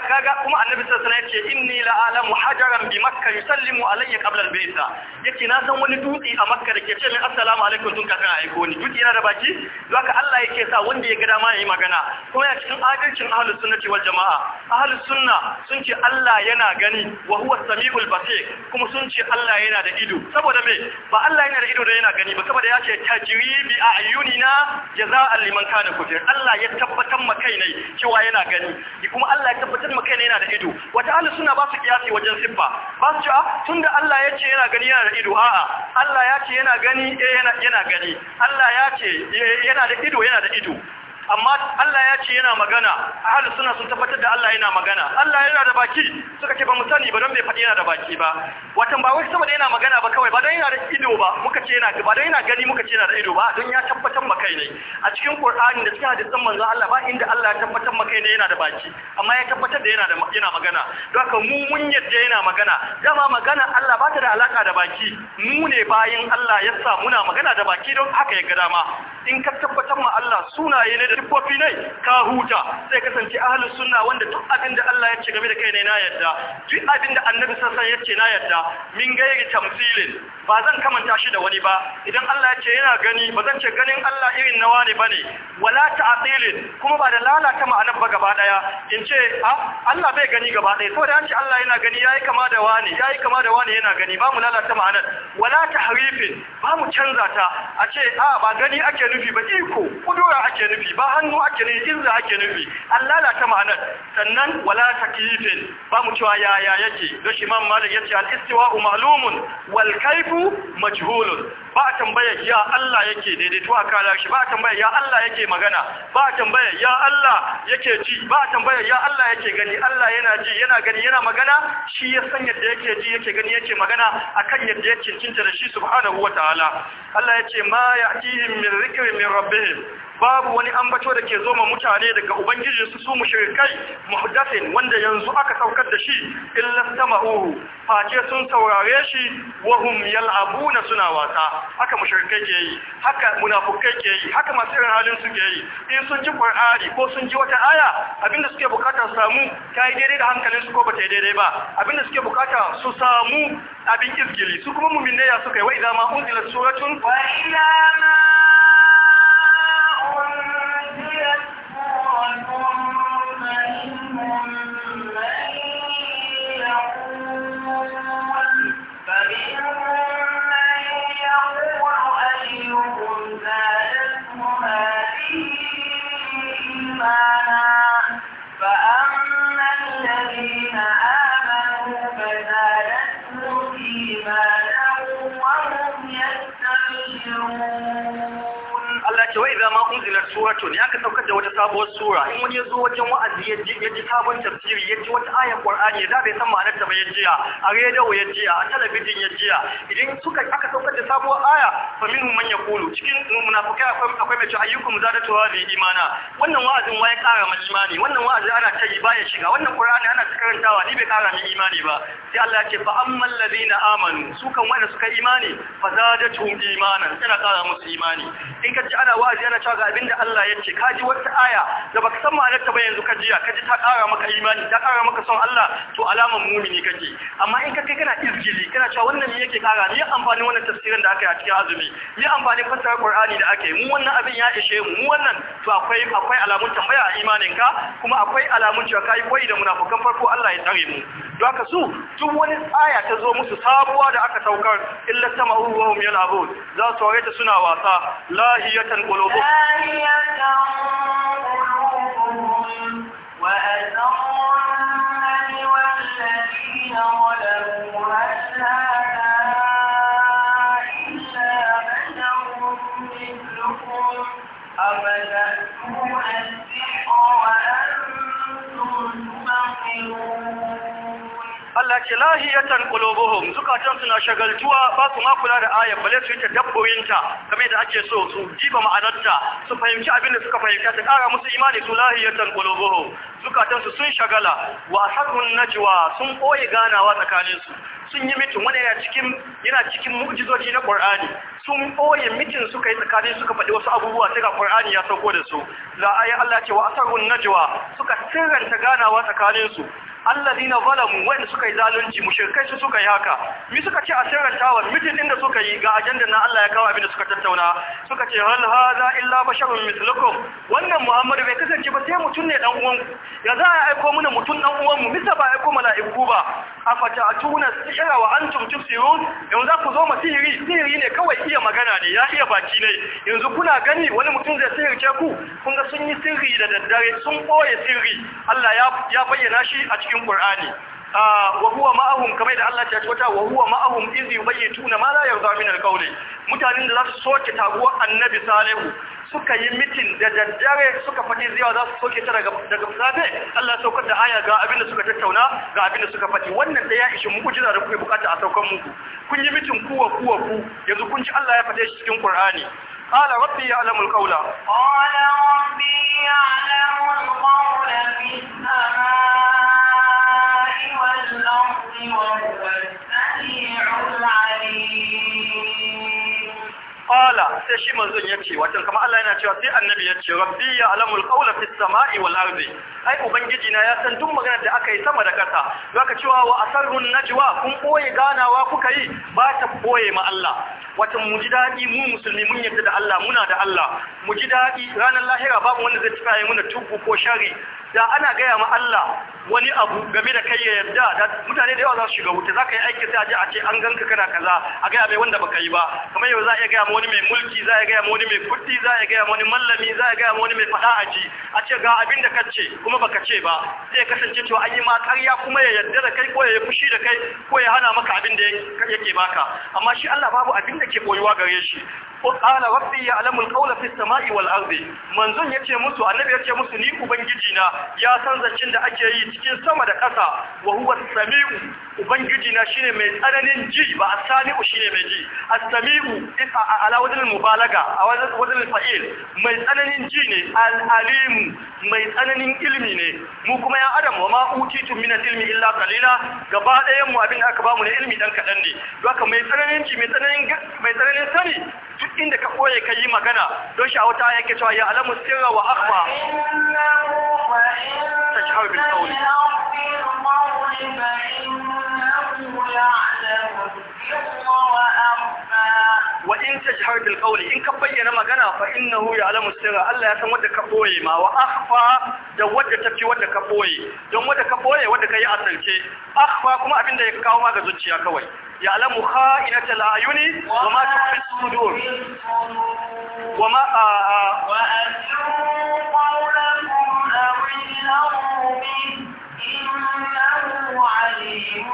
za ga kuma annabi sallallahu alaihi wasallam yace inni la'alamu hajaran bi makka yusallimu alayya qabla al-bayta yace na san wani dutse a makka da ke ce min assalamu alaikum tun kafin a aiko ni dutse yana da baki zaka Allah yake sa wanda ya ga dama yayi magana kuma ya cikin adalcin ahlus sunnati wal jamaa ahlus sunna sun ce Allah yana gani wa huwa samiul basir kuma sun ce Allah yana da ido saboda me ba Allah yana da ido da yana gani ba saboda ya ce tajri bi a'yunina jaza'an liman kana kufir Allah ya tabbatar ma kai ne cewa yana gani kuma Allah ya tabbatar tabbatar maka ne yana da ido wata ahli suna ba su kiyasi wajen siffa ba su cewa ah, tunda Allah ya ce yana gani yana da ido a'a Allah ya ce yana gani eh yana gani Allah ya ce eh, yana da ido yana da ido amma Allah ya ce yana magana ahli sunna sun tabbatar da Allah yana magana Allah yana da baki suka ce ba mu sani ba don bai faɗi yana da baki ba watan ba wai saboda yana magana ba kawai ba don yana da ido ba muka ce yana ba don yana gani muka ce yana da ido ba don ya tabbatar maka ne a cikin Qur'ani da cikin hadisan manzon Allah ba inda Allah ya tabbatar maka ne yana da baki amma ya tabbatar da yana da yana magana don haka mu mun yadda yana magana dama magana Allah ba ta da alaka da baki mu ne bayin Allah ya sa muna magana da baki don haka ya ga dama in ka tabbatar ma Allah sunaye ne da nai ne ka huta sai kasance ahlus sunna wanda duk abin da Allah ya ce game da kai ne na yarda duk abin da annabi sassan ya ce na yarda min gairi tamsilin ba zan kamanta shi da wani ba idan Allah ya ce yana gani ba zan ce ganin Allah irin nawa ne bane wala ta'tilin kuma ba da lalata ma'anar ba gaba daya in ce ah, Allah bai gani gaba daya to an ce Allah yana gani yayi kama da wani yayi kama da wani yana gani ba mu lalata ma'anar wala tahrifin ba mu canza ta a ce a ah, ba gani ake nufi ba iko kudura ake nufi ba ba hannu ake nufi izza ake nufi an lalata ma'anar sannan wala takifin ba mu cewa yaya yake don shi imam malik yace al istiwa'u ma'lumun wal kayfu majhulun ba tambaya ya Allah yake daidaito a kala shi ba tambaya ya Allah yake magana ba tambaya ya Allah yake ji ba tambaya ya Allah yake gani Allah yana ji yana gani yana magana shi ya san yadda yake ji yake gani yake magana akan yadda ya cincinta da shi subhanahu wataala Allah yace ma ya'tihim min dhikrin min rabbihim babu wani ambato da ke zoma mutane daga ubangijin su su mushrikai muhdathin wanda yanzu aka saukar da shi illa sama'uhu face sun saurare shi wa hum yal'abuna suna wasa haka mushrikai ke yi haka munafukai ke yi haka masu irin halin su ke yi in sun ji qur'ani ko sun ji wata aya abinda suke bukata samu ta yi daidai da hankalin su ko ba ta yi daidai ba abinda suke bukata su samu abin izgili su kuma mu'minai suka yi wa idza ma unzilat suratun wa ila ma suratun ya aka saukar da wata sabuwar sura in wani ya zo wajen wa'azi ya ji ya sabon tafsiri ya ji wata ayar qur'ani ya zabe san ma'anar ta ya jiya a rediyo ya jiya a talabijin ya jiya idan suka aka saukar da sabuwar aya fa minhum man yaqulu cikin munafikai akwai akwai mai cewa ayyukum zadatu hadhihi imana wannan wa'azin waye kara ma imani wannan wa'azi ana ta yi baya shiga wannan qur'ani ana ta karantawa ni bai kara min imani ba sai Allah ya ce fa ammal ladina amanu su kan wanda suka imani fa zadatuhum imanan tana kara musu imani in ka ji ana wa'azi ana cewa ga abinda Allah ya ce ka ji wata aya aya da baka san ta ba yanzu ka jiya kaji ta kara maka imani ta kara maka son Allah to alaman mumini kake amma in ka kai kana izgili kana cewa wannan ne yake ƙara ni amfanin wannan tafsirin da aka yi a cikin azumi yi amfanin fassarar Qur'ani da aka yi mu wannan abin ya ishe mu mu wannan to akwai akwai alamun tambaya a imaninka kuma akwai alamun cewa kai koyi da munafukan farko Allah ya tsare mu don haka su duk wani tsaya ta zo musu sabuwa da aka saukar illa sama'u wa hum yal'abun za su aure ta suna wasa lahiyatan qulubuhum lahiyatan qulubuhum wa azamman wal ladina walamu hashada illa banahum mithlukum أفتأتون السحر وأنتم تبصرون Allah ce lahiyatan qulubuhum zukatan suna shagaltuwa ba su ma kula da ayat bale su yi dabboyinta kamar da ake so su jiba ma'anarta su fahimci abin da suka fahimta ta kara musu imani su lahiyatan qulubuhum zukatan su sun shagala wa asarun najwa sun koyi ganawa tsakanin su sun yi mitin wanda yana cikin yana cikin na Qur'ani sun ɓoye mitin suka yi tsakani suka faɗi wasu abubuwa sai ga Qur'ani ya sauko da su a ayi Allah ce wa asarun najwa suka sirranta ganawa tsakaninsu. su alladina Valamu wanda suka yi zalunci mushrikai su suka yi haka mi suka ce a sirrantawa mitin din da suka yi ga ajandar na Allah ya kawo abin da suka tattauna suka ce hal hadha illa basharun mislukum wannan Muhammadu bai kasance ba sai mutum ne dan uwan ya za a aiko mana mutum dan uwan mu misa ba aiko mala'iku ba afata'tuna sihra wa tumtum tubsirun yanzu za ku zo ma sihiri sihiri ne kawai iya magana ne ya iya baki ne yanzu kuna gani wani mutum zai sihirce ku kun ga sun yi sirri da daddare sun ɓoye sirri Allah ya bayyana shi a cikin ƙur'ani. wa huwa ma'ahum kamar da Allah ya ce wata wa huwa ma'ahum iz yubayituna ma la yarda min alqawli mutanen da za su soke taguwar annabi salihu suka yi mitin da daddare suka fadi ziyawa za su soke ta daga daga safe Allah saukar da aya ga abinda suka tattauna ga abin da suka fadi wannan da ya ishi mu'jiza da kuke bukata a saukar muku kun yi mitin kuwa kuwa ku yanzu kun ji Allah ya fade shi cikin Qur'ani قال ربي يعلم القول قال ربي يعلم القول في السماء الأرض وهو السميع العليم Kala sai shi manzon ya ce watan kamar Allah yana cewa sai annabi ya ce rabbi ya alamul qawla fis sama'i wal ardi ai ubangiji na ya san duk maganar da aka yi sama da kasa zaka cewa wa asarrun najwa kun boye ganawa kuka yi ba ta koye ma Allah watan mu ji dadi mu musulmi mun yarda da Allah muna da Allah mu ji dadi ranar lahira babu wanda zai tsaya muna tubu ko shari da ana gaya ma Allah wani abu game da kai ya yarda da mutane da yawa za su shiga wuta za ka yi aiki sai a ji a ce an ganka kana kaza a gaya mai wanda baka yi ba kamar yau za a gaya ma wani mai mulki za a gaya ma wani mai kuɗi za a gaya ma wani mallami za a gaya ma wani mai faɗa a ji a ce ga abin da ka kuma baka ce ba sai kasance cewa an yi ma ƙarya kuma ya yarda da kai ko ya yi fushi da kai ko ya hana maka abin da yake baka amma shi Allah babu abin da ke koyuwa gare shi qala rabbi ya'lamu al-qawla fi as-sama'i wal ardi yace musu annabi yace musu ni ubangiji ya san zancin da ake yi cikin sama da ƙasa wa huwa sami'u ubangiji na shine mai tsananin ji ba as-sami'u shine mai ji as-sami'u ala wajen mubalaga a wajen fa'il mai tsananin ji ne al mai tsananin ilmi ne mu kuma ya adam wa ma utitu min al-ilmi illa qalila gaba ɗayan mu abin da aka bamu na ilmi dan kaɗan ne haka mai tsananin ji mai tsananin mai tsananin sani duk inda ka koye ka yi magana don shi a wata yake cewa ya alamu sirra wa akhfa tashhar bil qawl wa in tajhar bil qawl in ka bayyana magana fa ya alamu sirra Allah ya san wadda ka boye ma wa akhfa da wadda ta fi wadda ka boye don wadda ka boye ka yi asalce akhfa kuma abinda ya kawo ma ga zuciya kawai يعلم خائنة الأعين وما تخفي الصدور وما وأسروا قولكم به إنه عليم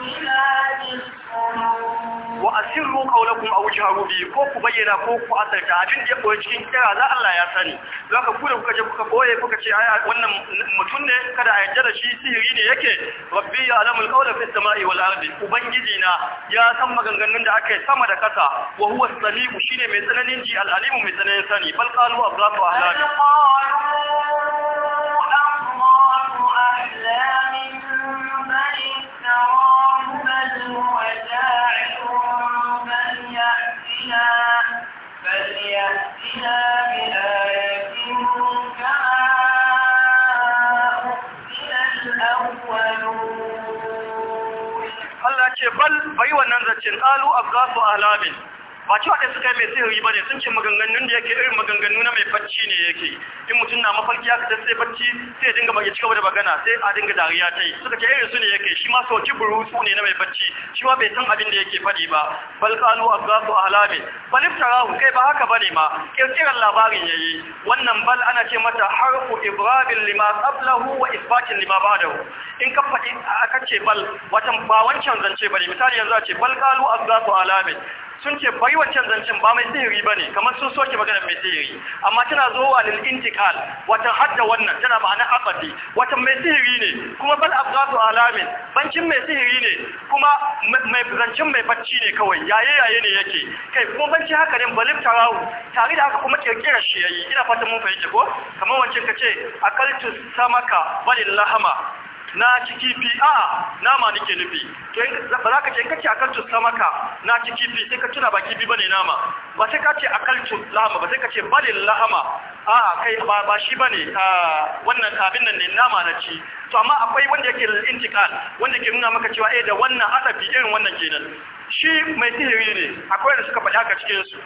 بذات الصدور asirru qawlakum aw jaharu bi ko ku bayyana ko ku asarta abin da ya koyi cikin kira za Allah ya sani zaka ku da kuka je kuka boye kuka ce aya wannan mutum ne kada a yarda da shi sihiri ne yake rabbi ya al-qawla fi samai wal ardi ubangiji na ya san maganganun da aka yi sama da kasa wa huwa as-sami'u shine mai tsananin ji al mai tsananin sani bal qalu abdatu faqal bai wannan zancin qalu abghasu alamin ba ce ɗaya suka yi mai sihiri ba ne sun ce maganganun da yake irin maganganu na mai bacci ne yake in mutum na mafarki ya kasance sai bacci sai dinga ya ci gaba da magana sai a dinga dariya ta yi suka ce irin su ne yake shi ma ci burutu ne na mai bacci shi ma bai san abin da yake faɗi ba a balkanu abgasu ahlamin baliftarahu kai ba haka ba ne ma ƙirƙirar labarin ya yi. wannan bal ana ce mata harfu Ibrahim, lima qablahu wa isbatin lima da in ka faɗi ce bal watan ba wancan zance ne misali yanzu a ce balkalu a halabe sun ce bai wancan zancen ba mai sihiri ba ne kamar sun soke magana mai sihiri amma tana zuwa lil intikal wata hadda wannan tana ma'ana abadi wata mai sihiri ne kuma bal abgazu alamin bancin mai sihiri ne kuma mai zancen mai bacci ne kawai yaye yaye ne yake kai kuma bancin haka ne balif tarawu tare da haka kuma kirkira shi yayi ina fatan mun fahimta ko kamar wancan kace akaltu samaka balil lahama na ci kifi a nama nake nufi ba za ka ce in ka ce samaka na ci kifi sai ka tuna ba kifi bane nama ba sai ka ce akaltu lahama ba sai ka ce balil lahama a kai ba ba shi bane wannan abin nan ne nama na ci to amma akwai wanda yake intikal wanda ke nuna maka cewa eh da wannan adabi irin wannan kenan shi mai sihiri ne akwai da suka faɗi haka cikin su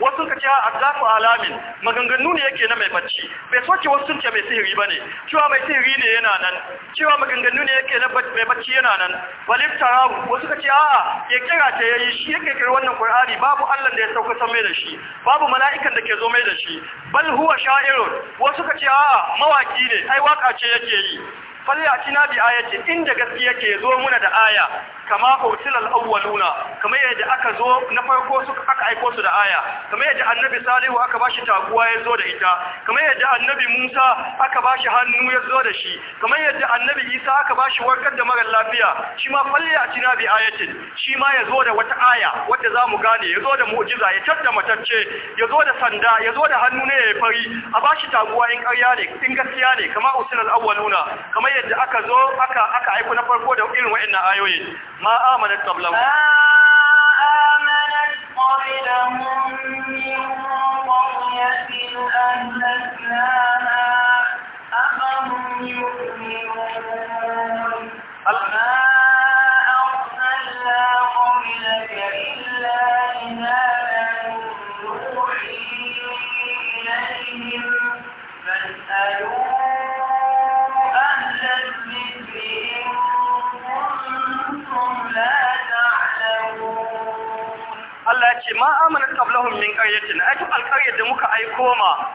wasu ka ce azafu alamin maganganu ne yake na mai bacci bai soke wasu sun ce mai sihiri ba ne. cewa mai sihiri ne yana nan cewa maganganu ne yake na mai bacci yana nan walif tarahu wasu ka ce a'a ya kira ta yayi shi yake kira wannan qur'ani babu Allah da ya sauka san mai da shi babu mala'ikan da ke zo mai da shi bal huwa sha'irun wasu ka ce a'a mawaki ne ai waka ce yake yi falyati cina bi ayatin inda gaskiya ke zo muna da aya kama ursilal awwaluna kama yadda aka zo na farko suka aka aiko su da aya kama yadda annabi salihu aka bashi taguwa ya zo da ita kama yadda annabi musa aka bashi hannu ya zo da shi kama yadda annabi isa aka bashi warkar da marar lafiya shi ma falyati cina bi ayatin shi ma ya zo da wata aya wadda za mu gane ya zo da mu'jiza ya tadda matacce ya zo da sanda ya zo da hannu ne ya fari a bashi taguwa in ƙarya ne in gaskiya ne kama ursilal awwaluna kama ayar da aka zo aka aka aiko na farko da irin wa'annan ayoyi ma amanat qablahu ma amanat qablahum min qaryatin ta'ala ce ma amanat qablahum min qaryatin ai duk alƙaryar da muka aiko ma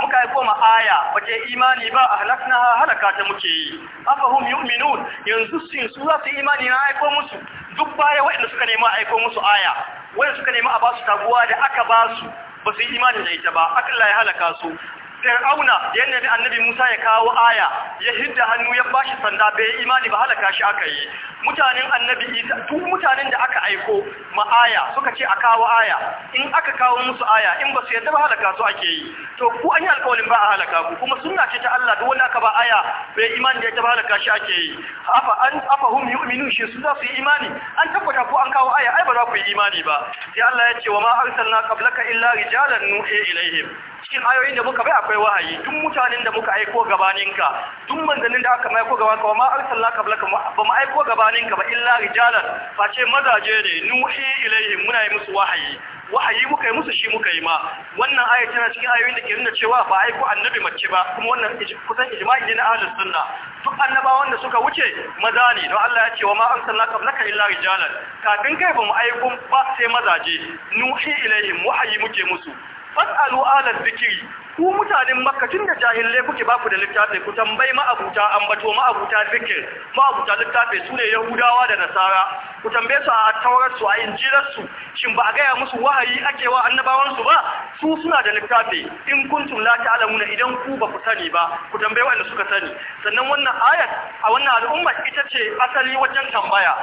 muka aiko ma aya wace imani ba ahlaknaha halaka ta muke yi afa hum yu'minun yanzu sun su za su imani na aiko musu duk baya waɗanda suka nemi aiko musu aya waɗanda suka nemi a basu taguwa da aka basu ba su yi imani da ita ba akalla ya halaka su fir'auna ya nemi annabi musa ya kawo aya ya hidda hannu ya bashi sanda bai imani ba halaka shi aka yi mutanen annabi isa duk mutanen da aka aiko ma aya suka ce a kawo aya in aka kawo musu aya in ba su yadda ba halaka su ake yi to ku an yi alƙawarin ba a halaka ku kuma sunna ce ta Allah duk wanda aka ba aya bai imani da yadda ba halaka shi ake yi afa an afa hum yu'minu shi su za su yi imani an tabbata ko an kawo aya ai ba za ku yi imani ba sai Allah ya ce wa ma arsalna qablaka illa rijalan nuhi ilaihim cikin ayoyin da muka bai akwai wahayi duk mutanen da muka aiko gabaninka duk manzannin da aka mai aiko gabaninka wa ma arsalna qablaka ba mu aiko gabaninka ba illa rijalan face mazaje ne nuhi ilaihim muna yi musu wahayi wahayi muka yi musu shi muka yi ma wannan aya tana cikin ayoyin da ke nuna cewa ba aiko annabi mace ba kuma wannan kusan ijma'i ne na ahlus sunna duk annabawan da suka wuce maza ne don Allah ya ce wa ma arsalna qablaka illa rijalan kafin kai ba mu aiko ba sai mazaje nuhi ilaihim wahayi muke musu fasalu ala zikiri ku mutanen makka tun da jahilai kuke baku da littafi ku tambayi ma'abuta ambato ma'abuta zikir ma'abuta littafi su ne yahudawa da nasara ku tambaye su a taurar su a injilar su shin ba a gaya musu wahayi ake wa annabawan su ba su suna da littafi in kuntum la ta'lamuna idan ku ba ku sani ba ku tambaye wanda suka sani sannan wannan ayat a wannan al'umma ita ce asali wajen tambaya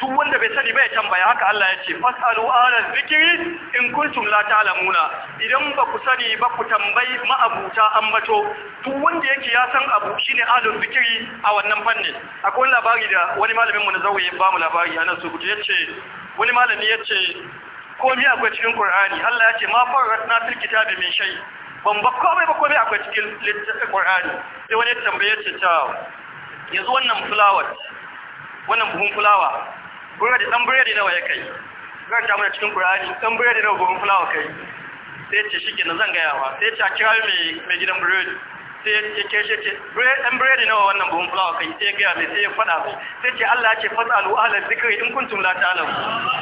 duk wanda bai sani bai tambaya haka Allah ya ce fasalu ala zikiri in kuntum la ta'lamuna idan ba ku sani ba ku tambayi ma'abuta ambato duk wanda yake ya san abu shine ala zikiri a wannan fannin akwai wani labari da wani malamin mu na ya ba mu labari anan su kuta yace wani malami yace komai akwai cikin Qur'ani Allah ya ce ma faratna fil kitabi min shay ban ba komai ba komai akwai cikin littafin Qur'ani sai wani tambaye ce ta yanzu wannan fulawar wannan buhun fulawa buredi dan buredi nawa ya kai zan ta mana cikin Qur'ani dan buredi nawa buhun fulawa kai sai ce shi zan gaya ma sai ce a kira mai mai gidan buredi sai ya keshe ce dan buredi nawa wannan buhun fulawa kai sai ya gaya mai sai ya faɗa mai sai ce Allah ya ce fasalu ahlal zikri in kuntum la ta'lamu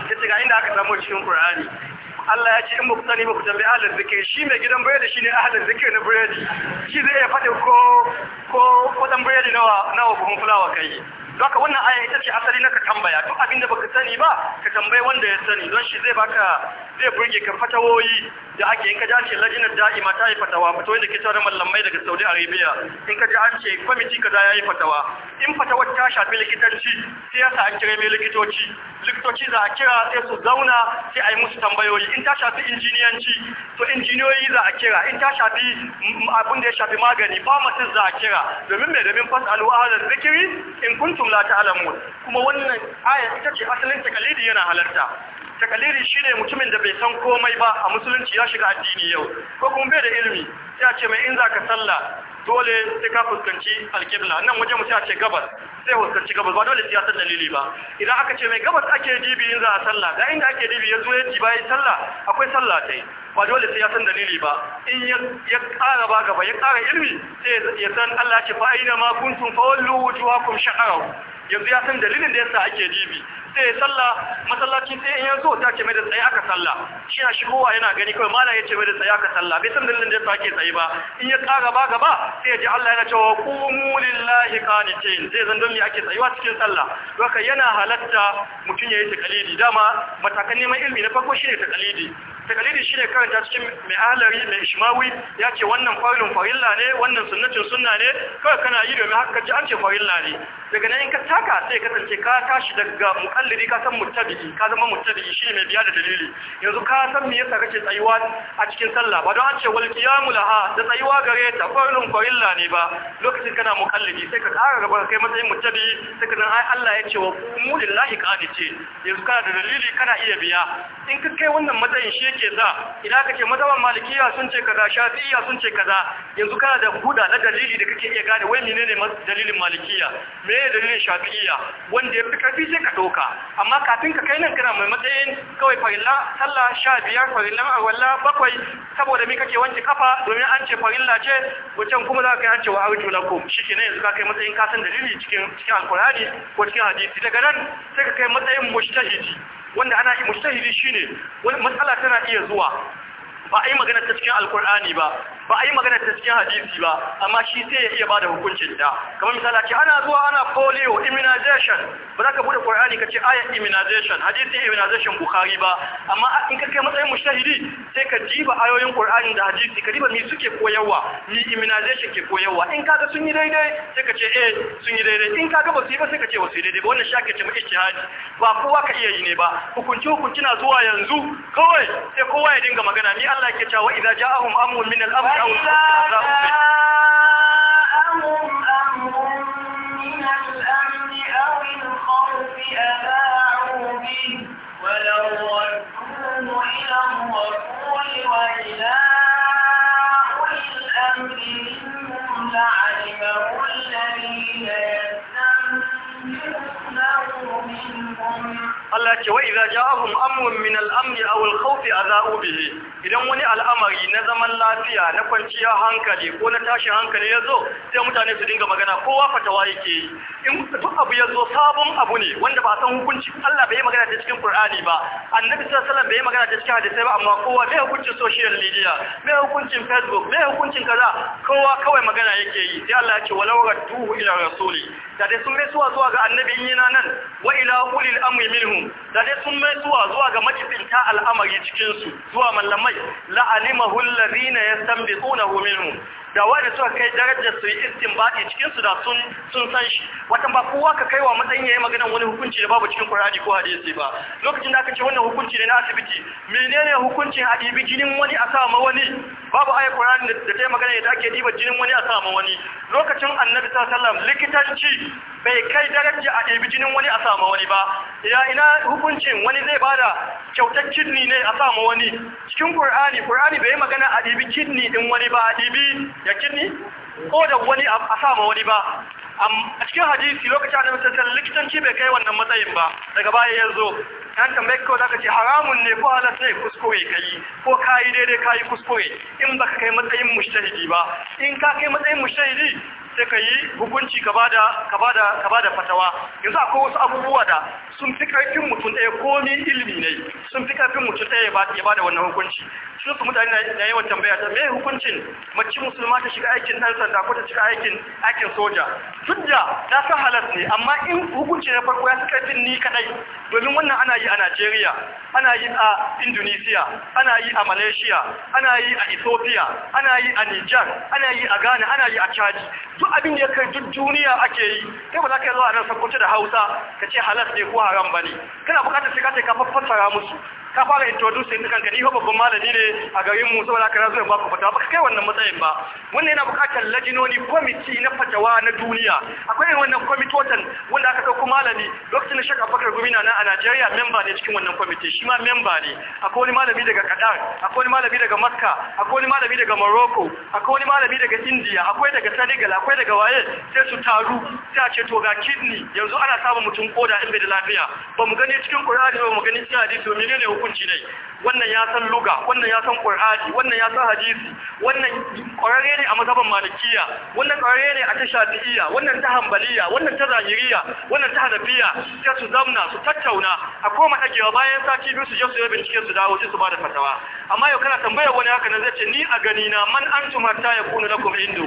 sai ce ga inda aka samu cikin Qur'ani Allah ya ce in ba ku sani ba ku tambayi ahlul zikir shi mai gidan buredi shine ahlul zikir na buredi, shi zai iya faɗi ko ko ko dan biredi nawa nawa buhun fulawa kai Doka wannan aya ita ce asali na ka tambaya duk abin da baka sani ba ka tambayi wanda ya sani don shi zai baka zai burge ka fatawoyi da ake in ka ji an ce lajinar da'ima ta yi fatawa fatawoyi da ke tare mallamai daga Saudi Arabia in ka ji an ce kwamiti kaza ya yi fatawa in fatawar ta shafi likitanci sai ya sa an kira mai likitoci likitoci za a kira sai su zauna sai a yi musu tambayoyi in ta shafi injiniyanci to injiniyoyi za a kira in ta shafi abin da ya shafi magani pharmacist za a kira domin mai domin fasalu ahlal zikiri in kuntu kuntum la ta'lamun kuma wannan aya ita ce asalin takalidi yana halarta takalidi shine mutumin da bai san komai ba a musulunci ya shiga addini yau ko kuma bai da ilimi sai a ce mai in zaka sallah dole sai ka fuskanci alƙibla. nan waje mu sai a ce gabas sai fuskanci gabas ba dole sai ya san dalili ba idan aka ce mai gabas ake dibi in za a sallah ga inda ake dibi ya zo ya ci bayan sallah akwai sallah ta yi ba dole sai ya san dalili ba in ya ƙara ba gaba ya ƙara ilmi sai ya san Allah ce fa'ina aina ma kuntum fa wallu wujuhakum sha'ara yanzu ya san dalilin da yasa ake dibi sai sallah masallaci sai in zo ta ce mai da tsaye aka sallah shi ya shigowa yana gani kawai mala ya ce mai da tsaye aka sallah bai san dalilin da yasa ake tsaye ba in ya tsara ba gaba sai ya ji Allah yana cewa qumu lillahi qanitin zai zan don ake tsayuwa cikin sallah haka yana halatta mutum ya yi takalidi dama matakan neman ilimi na farko shine takalidi takalidi shine karanta cikin mai ahlari mai ishmawi ya ce wannan farilin farilla ne wannan sunnatin sunna ne kawai kana yi domin haka ji an ce farilla ne daga nan in ka taka sai kasance ka tashi daga mukallidi ka san muttabi'i ka zama muttabi'i shine mai biya da dalili yanzu ka san me yasa kake tsayuwa a cikin sallah ba don a ce wal qiyamu laha da tsayuwa gare ta farlun farilla ne ba lokacin kana mukallidi sai ka kara gaba kai matsayin muttabi'i sai ka ai Allah ya ce wa qumu lillahi qanitin yanzu kana da dalili kana iya biya in ka kai wannan matsayin shi yake sa idan ka ce mazhaban malikiya sun ce kaza shafi'iyya sun ce kaza yanzu kana da huda na dalili da kake iya gane wai menene dalilin malikiya me dalilin shafi'iyya wanda ya fi karfi sai ka doka amma kafin ka kai nan kana mai matsayin kawai farilla sallah sha biyar farillan walla bakwai saboda me kake wanke kafa domin an ce farilla ce wancan kuma za ka yi an ce wa arju shi shike ne yanzu ka kai matsayin kasan dalili cikin cikin alkurani ko cikin hadisi daga nan sai ka kai matsayin mushtahidi wanda ana yi shi shine matsala tana iya zuwa ba a yi magana ta cikin alkur'ani ba ba a yi magana ta cikin hadisi ba amma shi sai ya iya bada hukuncin ta kamar misali ce ana zuwa ana polio immunization ba za ka bude ƙur'ani ka ce ayat immunization hadisi immunization bukhari ba amma in ka kai matsayin mushahidi sai ka diba ayoyin ƙur'ani da hadisi ka diba ni suke koyarwa ni immunization ke koyarwa in ka ga sun yi daidai sai ka ce eh sun yi daidai in kaga ba su yi ba sai ka ce ba su yi daidai ba wannan shake ce mai ijtihadi ba kowa ka iya yi ne ba hukunci hukunci na zuwa yanzu kawai sai kowa ya dinga magana ni الملائكه واذا جاءهم امر من الامر او جاءهم الامر Allah ce wai idza ja'ahum amrun min al-amn aw al-khawf adha'u bihi idan wani al'amari na zaman lafiya na kwanciya hankali ko na tashin hankali ya zo sai mutane su dinga magana kowa fatawa yake in abu ya zo sabon abu ne wanda ba san hukunci Allah bai magana ta cikin Qur'ani ba annabi sallallahu alaihi bai magana ta cikin hadisi ba amma kowa bai hukuncin social media bai hukuncin Facebook bai hukuncin kaza kowa kawai magana yake yi sai Allah ya ce walau radduhu ila rasuli da dai sun mai suwa zuwa ga annabi yana nan wa ila ulil amri minhum da dai sun mai suwa zuwa ga majibinta al'amari cikin su zuwa mallamai la'alimahu alladhina yastanbitunahu minhum da wanda suka kai darajar su yi istinbadi cikin su da sun sun san shi watan ba kowa ka kai wa matsayin yayi maganan wani hukunci da babu cikin Qur'ani ko hadisi ba lokacin da aka ce wannan hukunci ne na asibiti menene hukuncin adibi jinin wani a sama wani babu ayi Qur'ani da ta magana yadda ake diba jinin wani a sama wani lokacin Annabi sallallahu alaihi wasallam likitanci bai kai daraja a dibi jinin wani a sama wani ba ya ina hukuncin wani zai bada kyautar kidney ne a sama wani cikin Qur'ani Qur'ani bai magana a dibi kidney din wani ba a dibi ya kidney ko da wani a sama wani ba a cikin hadisi lokacin annabi sallallahu alaihi wasallam likitanci bai kai wannan matsayin ba daga baya yanzu an tambaye ka zaka ce haramun ne ko halas ne kuskure kai ko kai daidai kai kuskure in baka kai matsayin mushtahidi ba in ka kai matsayin mushtahidi sai ka yi hukunci ka ba da fatawa yanzu akwai wasu abubuwa da sun fi karfin mutum ɗaya komi ilimi ne sun fi karfin mutum ɗaya ya ba da wannan hukunci sun su mutane na yawan tambaya ta mai hukuncin mace musulma ta shiga aikin ɗan sanda ko ta shiga aikin soja tun da ta san halas ne amma in hukunci na farko ya fi karfin ni kaɗai domin wannan ana yi a Najeriya ana yi a Indonesia ana yi a Malaysia ana yi a Ethiopia ana yi a Niger ana yi a Ghana ana yi a Chad duk abin ya kai duk duniya ake yi kai ba za ka yi zuwa nan sakwace da hausa ka ce halas ne ko haram ba ne kana bukatar sai ka ce ka fassara musu ka fara introducing dukan ka ni babban malami ne a garin mu saboda ka zo ba ku fata ba kai wannan matsayin ba wannan yana bukatar lajinoni komiti na fatawa na duniya akwai irin wannan committee wanda aka dauko malami lokacin Shek Abubakar Gumina na a Najeriya member ne cikin wannan committee shi ma member ne akwai wani malami daga Qatar akwai wani malami daga Makka akwai wani malami daga Morocco akwai wani malami daga India akwai daga Senegal akwai daga waye sai su taru sai a ce to ga kidney yanzu ana samun mutum koda in bai da lafiya ba mu gani cikin Qur'ani ba mu gani cikin hadisi ne hukunci ne wannan ya san luga wannan ya san qur'ani wannan ya san hadisi wannan ƙwararre ne a mazhaban malikiya wannan ƙwararre ne a ta shafi'iyya wannan ta hanbaliya wannan ta zahiriya wannan ta hanafiya Ya su zamna su tattauna a koma dagewa bayan sati biyu su je su yi bincike su dawo su ba da fatawa amma yau kana tambayar wani haka nan zai ce ni a gani na man antum hatta yakunu lakum indu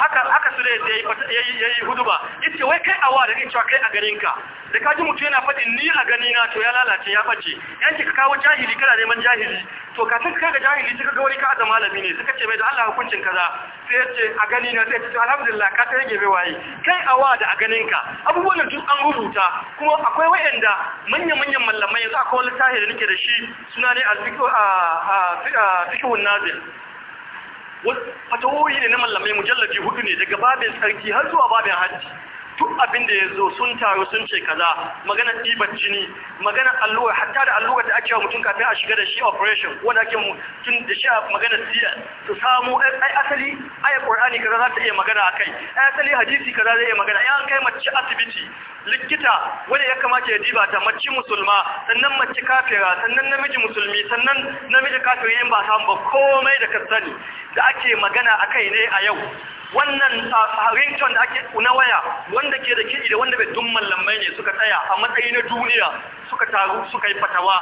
haka haka su dai yayi yayi huduba yace wai kai awa da cewa kai a Da ka da kaji mutum yana faɗin ni a gani na to ya lalace ya face yanki ka kawo jahili kana neman jahili to ka san kaga jahili suka ga wani ka da malami ne suka ce mai da Allah hukuncin kaza sai ya ce a gani na sai ya ce alhamdulillah ka ta rage waye kai awa da a ganin ka abubuwan nan duk an rubuta kuma akwai wayanda manyan manyan mallamai yanzu akwai wani tahiri nake da shi suna ne a cikin nazil fatawoyi ne na mallamai mujallabi hudu ne daga babin tsarki har zuwa babin hajji duk abin da ya zo sun taru sun ce kaza maganar ɗibar jini maganar allura hatta da allura da ake wa mutum kafin a shiga da shi operation wanda ake mutum da shi a maganar siya su samu ai asali ai qur'ani kaza za ta iya magana akai ai asali hadisi kaza zai iya magana an kai mace asibiti likita wanda ya kamata ya diba ta mace musulma sannan mace kafira sannan namiji musulmi sannan namiji kafira in ba ta ba komai da kasani. da ake magana akai ne a yau wannan ah, ringtone da ake na waya wanda ke da kiɗi da wanda bai dun mallamai ne suka tsaya a matsayi na duniya suka taru suka yi fatawa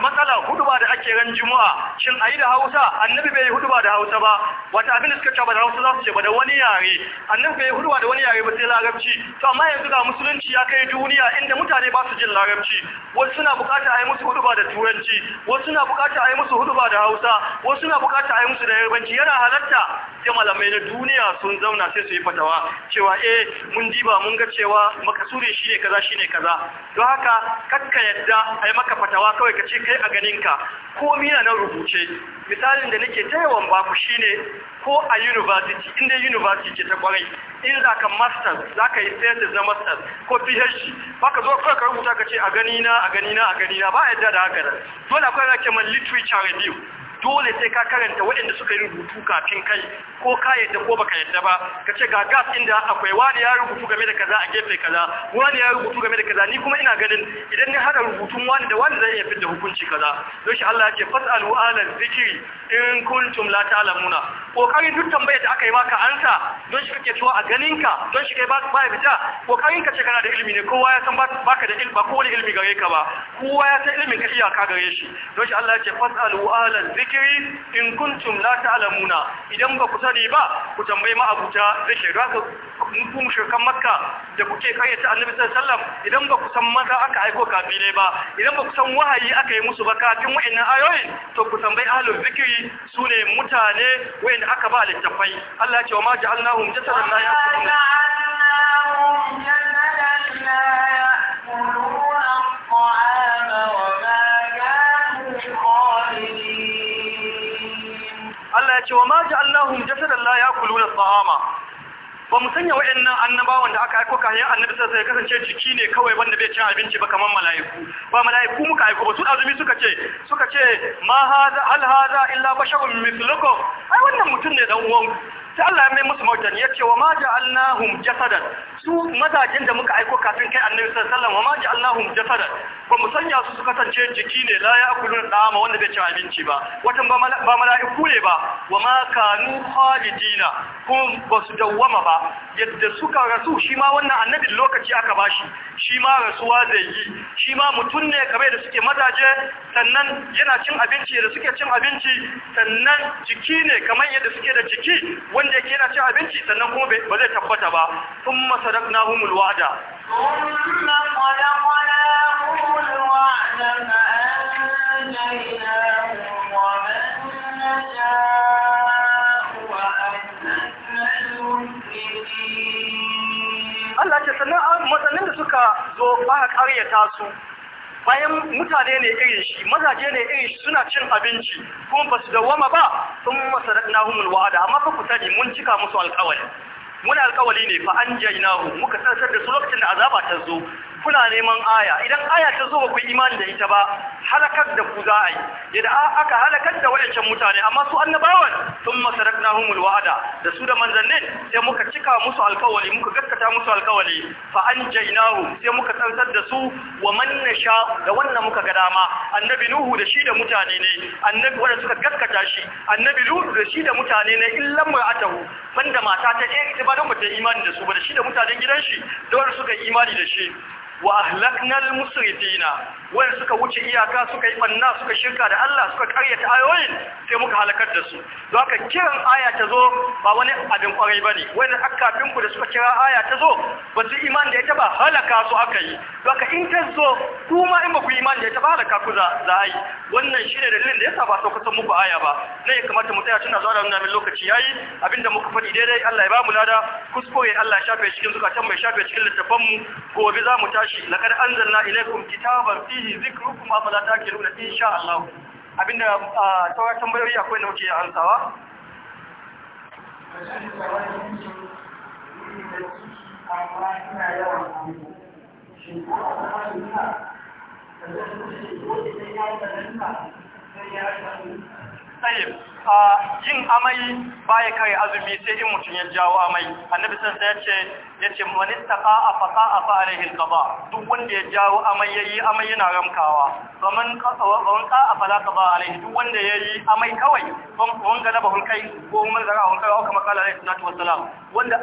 matsala huduba da ake ran juma'a shin ayi da Hausa annabi bai huduba da Hausa ba wata abin da suka ce ba da Hausa za su ce ba da wani yare annabi bai huduba da wani yare ba sai larabci to amma yanzu ga musulunci ya kai duniya inda mutane ba su jin larabci wasu suna bukata yi musu huduba da turanci wasu suna bukata yi musu huduba da Hausa wasu suna bukata yi musu da yarbanci yana halarta, sai malamai na duniya sun zauna sai su yi fatawa cewa eh mun diba mun ga cewa makasuri shine kaza shine kaza don haka kakka yadda a yi maka fatawa kawai ka ce kai a ganinka ko mina na rubuce misalin da nake ta yawan baku shine ko a university inda university ke ta kwarai in za ka masters za ka yi thesis na masters ko phd ba ka zo kawai ka rubuta ka ce a ganina a ganina a ganina ba a yadda da haka da dole akwai na man literature review dole sai ka karanta waɗanda suka yi rubutu kafin kai ko ka yadda ko baka yadda ba ka ce ga gas inda akwai wani ya rubutu game da kaza a gefe kaza wani ya rubutu game da kaza ni kuma ina ganin idan ni hada rubutun wani da wani zai iya fitar da hukunci kaza don shi Allah ya ce fas'alu ala zikiri in kuntum la ta'lamuna kokarin duk tambayar da aka yi maka ansa don shi kake cewa a ganinka don shi kai ba ba fita kokarin ka ce kana da ilimi ne kowa ya san baka da ilimi ba kowa ilimi gare ka ba kowa ya san ilimin ka iyaka gare shi don shi Allah ya ce fas'alu ala zikri zikiri in kuntum la ta'lamuna idan ba ku sani ba ku tambayi ma abuta da haka kun shirkan makka da kuke ta annabi sallallahu alaihi idan ba ku san maza aka aiko kafire ba idan ba ku san wahayi aka yi musu ba kafin wa'annan ayoyin to ku tambayi ahlul zikiri sune mutane wa'anda aka ba littafai Allah ya ce wa ma ja'alnahum jasadan la ya'kulun cewa ma ja'alnahum jasadan la kulu at tsahama ba mu sanya wayannan annabawan da aka aiko kayan annabi sai ya kasance ciki ne kawai wanda bai cin abinci ba kamar mala'iku ba mala'iku muka aiko ba su azumi suka ce suka ce ma hada al hada illa basharun mithlukum ai wannan mutum ne dan uwan sai Allah ya mai musu martani ya ce wa ma ja'alnahum jasadan su mazajin da muka aiko kafin kai annabi sallallahu alaihi wasallam wa ma ja'alnahum jasadan ba mu sanya su su kasance jiki ne la ya'kuluna dama wanda bai ci abinci ba watan ba mala'iku ne ba wa ma kanu khalidina ko ba su dawwama ba yadda suka rasu shi ma wannan annabin lokaci aka bashi shi ma rasuwa zai yi shi ma mutum ne kamar da suke mazaje sannan yana cin abinci da suke cin abinci sannan jiki ne kamar yadda suke da jiki wanda yake yana cin abinci sannan kuma ba zai tabbata ba sun masarar na humul wa'ada Allah ce sannan ah, matsalin da suka zo ba a ƙaryata su bayan mutane ne irin shi mazaje ne irin shi suna cin abinci kuma ba su dawama ba sun masarar nahumul wa'ada amma fa ku sani mun cika musu alkawari muna alƙawali ne fa an nahu. muka tsarkar da su lokacin da azaba ta zo kuna neman aya idan aya ta zo ku imani da ita ba halakar da ku za a yi yadda aka halakar da waɗancan mutane amma su annabawan sun masarar na humul wa'ada da su da manzannin sai muka cika musu alkawali muka gaskata musu alkawali fa an jainahu sai muka tsantar da su wa man nasha da wannan muka ga dama annabi nuhu da shi da mutane ne annabi wanda suka gaskata shi annabi lutu da shi da mutane ne illan mar'atahu banda mata ta ce eh, ita ba don ba ta imani da su ba da shi da mutanen gidan shi dole suka yi imani da shi wa al musrifina wanda suka wuce iyaka suka yi banna suka shirka da Allah suka karyata ayoyin sai muka halakar da su don haka kiran aya ta zo ba wani abin kwarai bane wanda akafin ku da suka kira aya ta zo ba su iman da ita ba halaka su aka yi don haka in ta zo kuma in ba ku iman da ita ba halaka ku za za yi wannan shine dalilin da yasa ba kusan muku aya ba ne ya kamata mu tsaya tuna zuwa da wannan lokaci yayi abinda muka faɗi daidai Allah ya ba mu lada kuskure Allah ya shafe cikin zukatan mai shafe cikin littafan mu gobe za mu tashi laqad anzalna ilaykum kitaban fihi dhikrukum afala taqiluna insha Allah abinda sauran tambayoyi akwai da muke ansawa Thank you. a yin amai baya kare azumi sai in mutum ya jawo amai annabi sun sai ce ya ce wani taƙa a faƙa a fa'arihin gaba duk wanda ya jawo amai ya yi amai yana ramkawa zaman ka a fala ka ba alaihi duk wanda ya yi amai kawai na galaba hulkai ko umar zara hulkai aka makala alaihi salatu wasalam wanda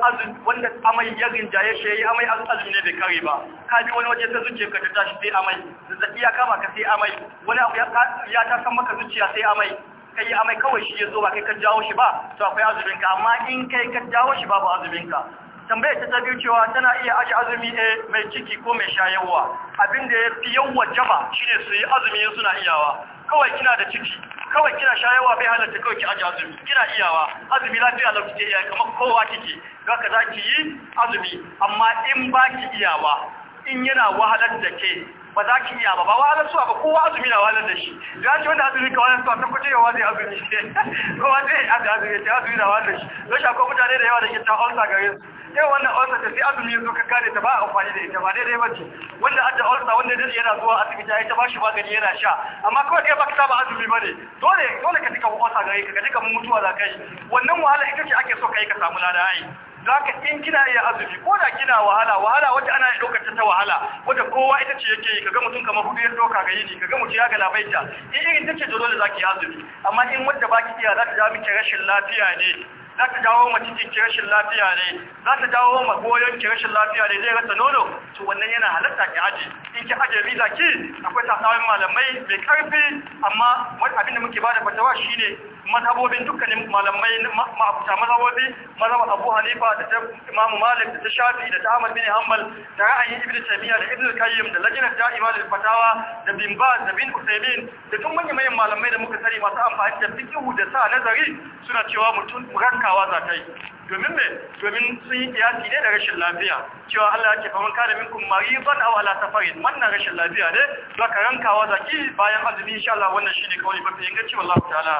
wanda amai ya rinjaye shi ya yi amai azumi ne bai kare ba ka bi wani waje ta zuciya ka ta tashi sai amai zazzaɓi ya kama ka sai amai wani abu ya ta san maka zuciya sai amai ka yi amai kawai shi ya zo ba kai ka jawo shi ba to akwai azumin amma in kai ka jawo shi babu azuminka, ka tambaya ta ta cewa tana iya aji azumi ɗaya eh, mai ciki ko mai shayarwa abin da ya fi yawan jaba shine su yi azumi yin suna iyawa kawai kina da ciki kawai kina shayarwa bai halatta kawai ki aji azumi kina iyawa azumi lafiya lau kike iya kamar kowa kike haka za ki yi azumi amma in ba ki iyawa in yana wahalar da ke ba za ki yaba ba wa su ba kowa azumi na wahalar da shi da ce wanda azumi ka wahalar a ta kuce yawa zai azumi ya zai azumi ta azumi na da shi don shi akwai mutane da yawa da ke ta ulsa gare su yau wannan ulsa ta sai azumi zo ka kare ta ba a amfani da ita ba dai bace wanda adda ulsa wanda dai yana zuwa asibiti ya ta ba shi magani yana sha amma kawai kai baka saba azumi ne. dole dole ka tika ulsa gare ka ka tika mutuwa za kai wannan wahala ita ce ake so kai ka samu lada ai za ka in kina iya azumi ko da kina wahala wahala wata ana yi ɗaukar ta wahala wata kowa ita ce yake yi kaga mutum kamar hudu ya ɗauka ga yini kaga mutum ya ga labaita. in irin ta ce dole za ki azumi amma in wadda baki iya za ta ja miki rashin lafiya ne za ta jawo ma cikin ki rashin lafiya ne za ta jawo ma goyon ki rashin lafiya ne zai rasa nono to wannan yana halatta ki aje in ki aje visa ki akwai sassawan malamai mai karfi amma wani abin da muke bada fatawa shine mazhabobin dukkanin malamai ma'abuta mazhabobi mazhab Abu Hanifa da ta Imam Malik da ta Shafi da ta Ahmad bin Hanbal da ra'ayin Ibn Taymiya da Ibn Qayyim da lajinar da'ima da fatawa da Bin Baz da Bin Uthaymeen da tun manyan manyan malamai da muka sani masu amfani da fiqh da sa nazari suna cewa mutum rankawa za ta yi domin me domin sun yi kiyasi ne da rashin lafiya cewa Allah yake faman kada minkum maridan aw ala safarin wannan rashin lafiya ne zaka rankawa zaki bayan azumi insha Allah wannan shine kawai mafi inganci wallahi ta'ala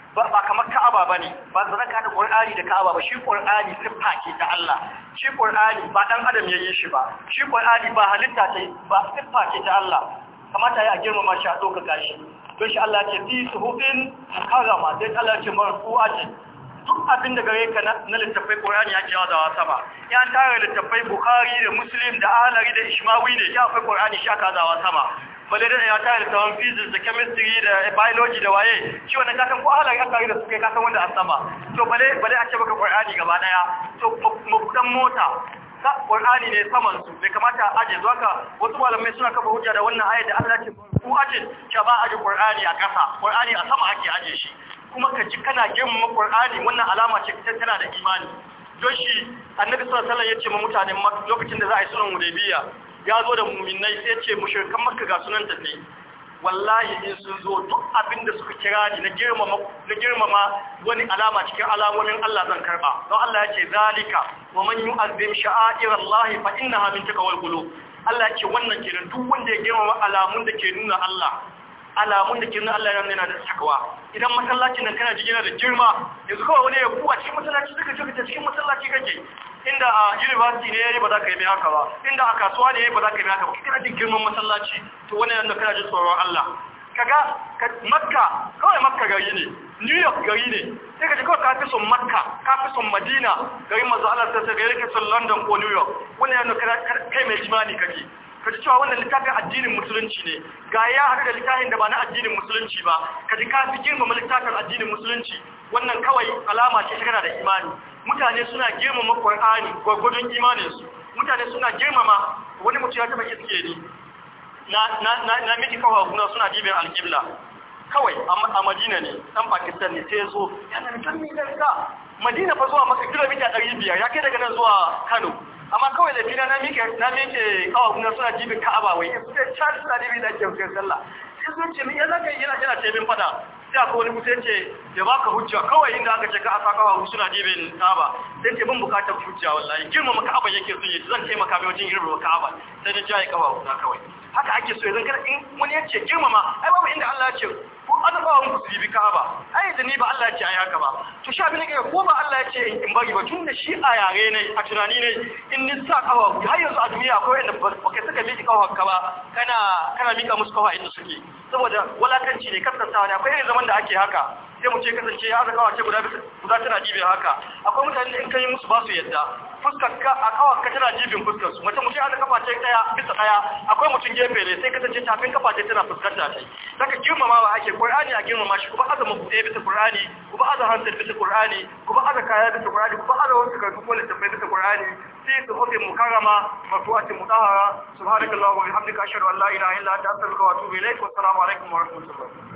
ba kamar ka'aba ba ne ba zan da qur'ani da ka'aba ba shi qur'ani siffa ce ta Allah shi qur'ani ba ɗan adam ya yi shi ba shi qur'ani ba halitta ce ba siffa ce ta Allah kamata ya girmama shi a doka gashi. don shi Allah ce fi suhufin karama sai Allah ce marfu'atin duk abin da gare ka na littafai qur'ani ya ji da wasa ya tara littafai bukhari da muslim da ahalari da ishmawi ne ya akwai ƙur'ani shi aka da balle ya tare da wani fizis da chemistry da biology da waye shi wannan kasan ko Allah ya kare da suke kai kasan wanda an sama to Bale a ce baka Qur'ani gaba daya to mabudan mota ka Qur'ani ne saman su bai kamata a aje zuwa ka wasu malamai suna kafa hujja da wannan ayat da Allah ce ku aje cewa ba aje Qur'ani a kasa Qur'ani a sama ake aje shi kuma ka ji kana girmama Qur'ani wannan alama ce ta tana da imani don shi annabi sallallahu alaihi wasallam ya ce ma mutane lokacin da za a yi sunan hudaybiya ya zo da muminai sai ce mushrikan makka ga sunan tafi wallahi in sun zo duk abin da suka kira ni na girmama wani alama cikin alamomin Allah zan karba don Allah ya ce zalika wa man yu'azzim sha'air Allah fa innaha min taqwal qulub Allah ya ce wannan kiran duk wanda ya girmama alamun da ke nuna Allah alamun da kirin Allah ya yana da sakawa idan masallacin nan kana jigina da girma yanzu kawai wani ya a cikin masallaci suka ji ta cikin masallaci kake inda a university ne yayi ba za ka yi haka ba inda a kasuwa ne yayi ba za ka yi haka ba kana jin girman masallaci to wani yana kana jin tsoron Allah kaga makka kawai makka gari ne new york gari ne sai ka ji kawai ka son makka ka son madina gari mazu allah ta sai gari yi son london ko new york wani yana kai mai jimani kake Kaji cewa wannan littafin addinin musulunci ne ga ya haɗu da littafin da ba na addinin musulunci ba kaji ka fi girmama littafin addinin musulunci wannan kawai alama ce ta kana da imani mutane suna girmama qur'ani gwargwadon imaninsu mutane suna girmama wani mutum ya taɓa iske ni na miji kawai na miki kawai suna dibiyar alƙibla kawai a madina ne ɗan pakistan ne sai zo yana da kan ka. madina fa zuwa maka kilomita ɗari biyar ya kai daga nan zuwa kano amma kawai da fina na miƙe na mike kawo kuma suna jibin ka'aba wai sai can suna jibin da ke wuce sallah sai sun ce min yana kai yana yana ce min fada sai akwai wani kusa ce ya baka hujja kawai inda aka ce ka asa kawo suna jibin ka'aba sai ce mun bukatar hujja wallahi girma maka ka'aba yake so yace zan taimaka mai wajen girma ka'aba sai da jaye kawo na kawai haka ake so yanzu kada in wani ya ce girmama ai babu inda Allah ya ce an ba mu su bi ba ai da ni ba Allah ya ce ai haka ba to sha bin ga ko ba Allah ya ce in bari ba tunda shi a yare ne a tunani ne in ni sa kawa har yanzu a duniya akwai wanda ba kai suka miki kawa ka ba kana kana mika musu kawa inda suke saboda walakanci ne kasantawa ne akwai irin zaman da ake haka sai mu ce kasance ya zaka wace guda guda tana dibe haka akwai mutane in kai musu ba su yadda fuskar ka a kawar ka tana jibin fuskar su mutum mutum da kafa ce daya bisa daya akwai mutum gefe ne sai tace tafin kafa ce tana fuskar ta sai saka girmamawa ake qur'ani a girmama shi kuma aza mabuɗe bisa qur'ani kuma aza hantar bisa qur'ani kuma aza kaya bisa qur'ani kuma aza wasu karatu ko littafai bisa qur'ani sai su hobe mukarrama marfu'atin mutahara subhanakallahu wa bihamdika ashhadu an la ilaha illa anta astaghfiruka wa atubu ilaik wa assalamu alaikum wa rahmatullahi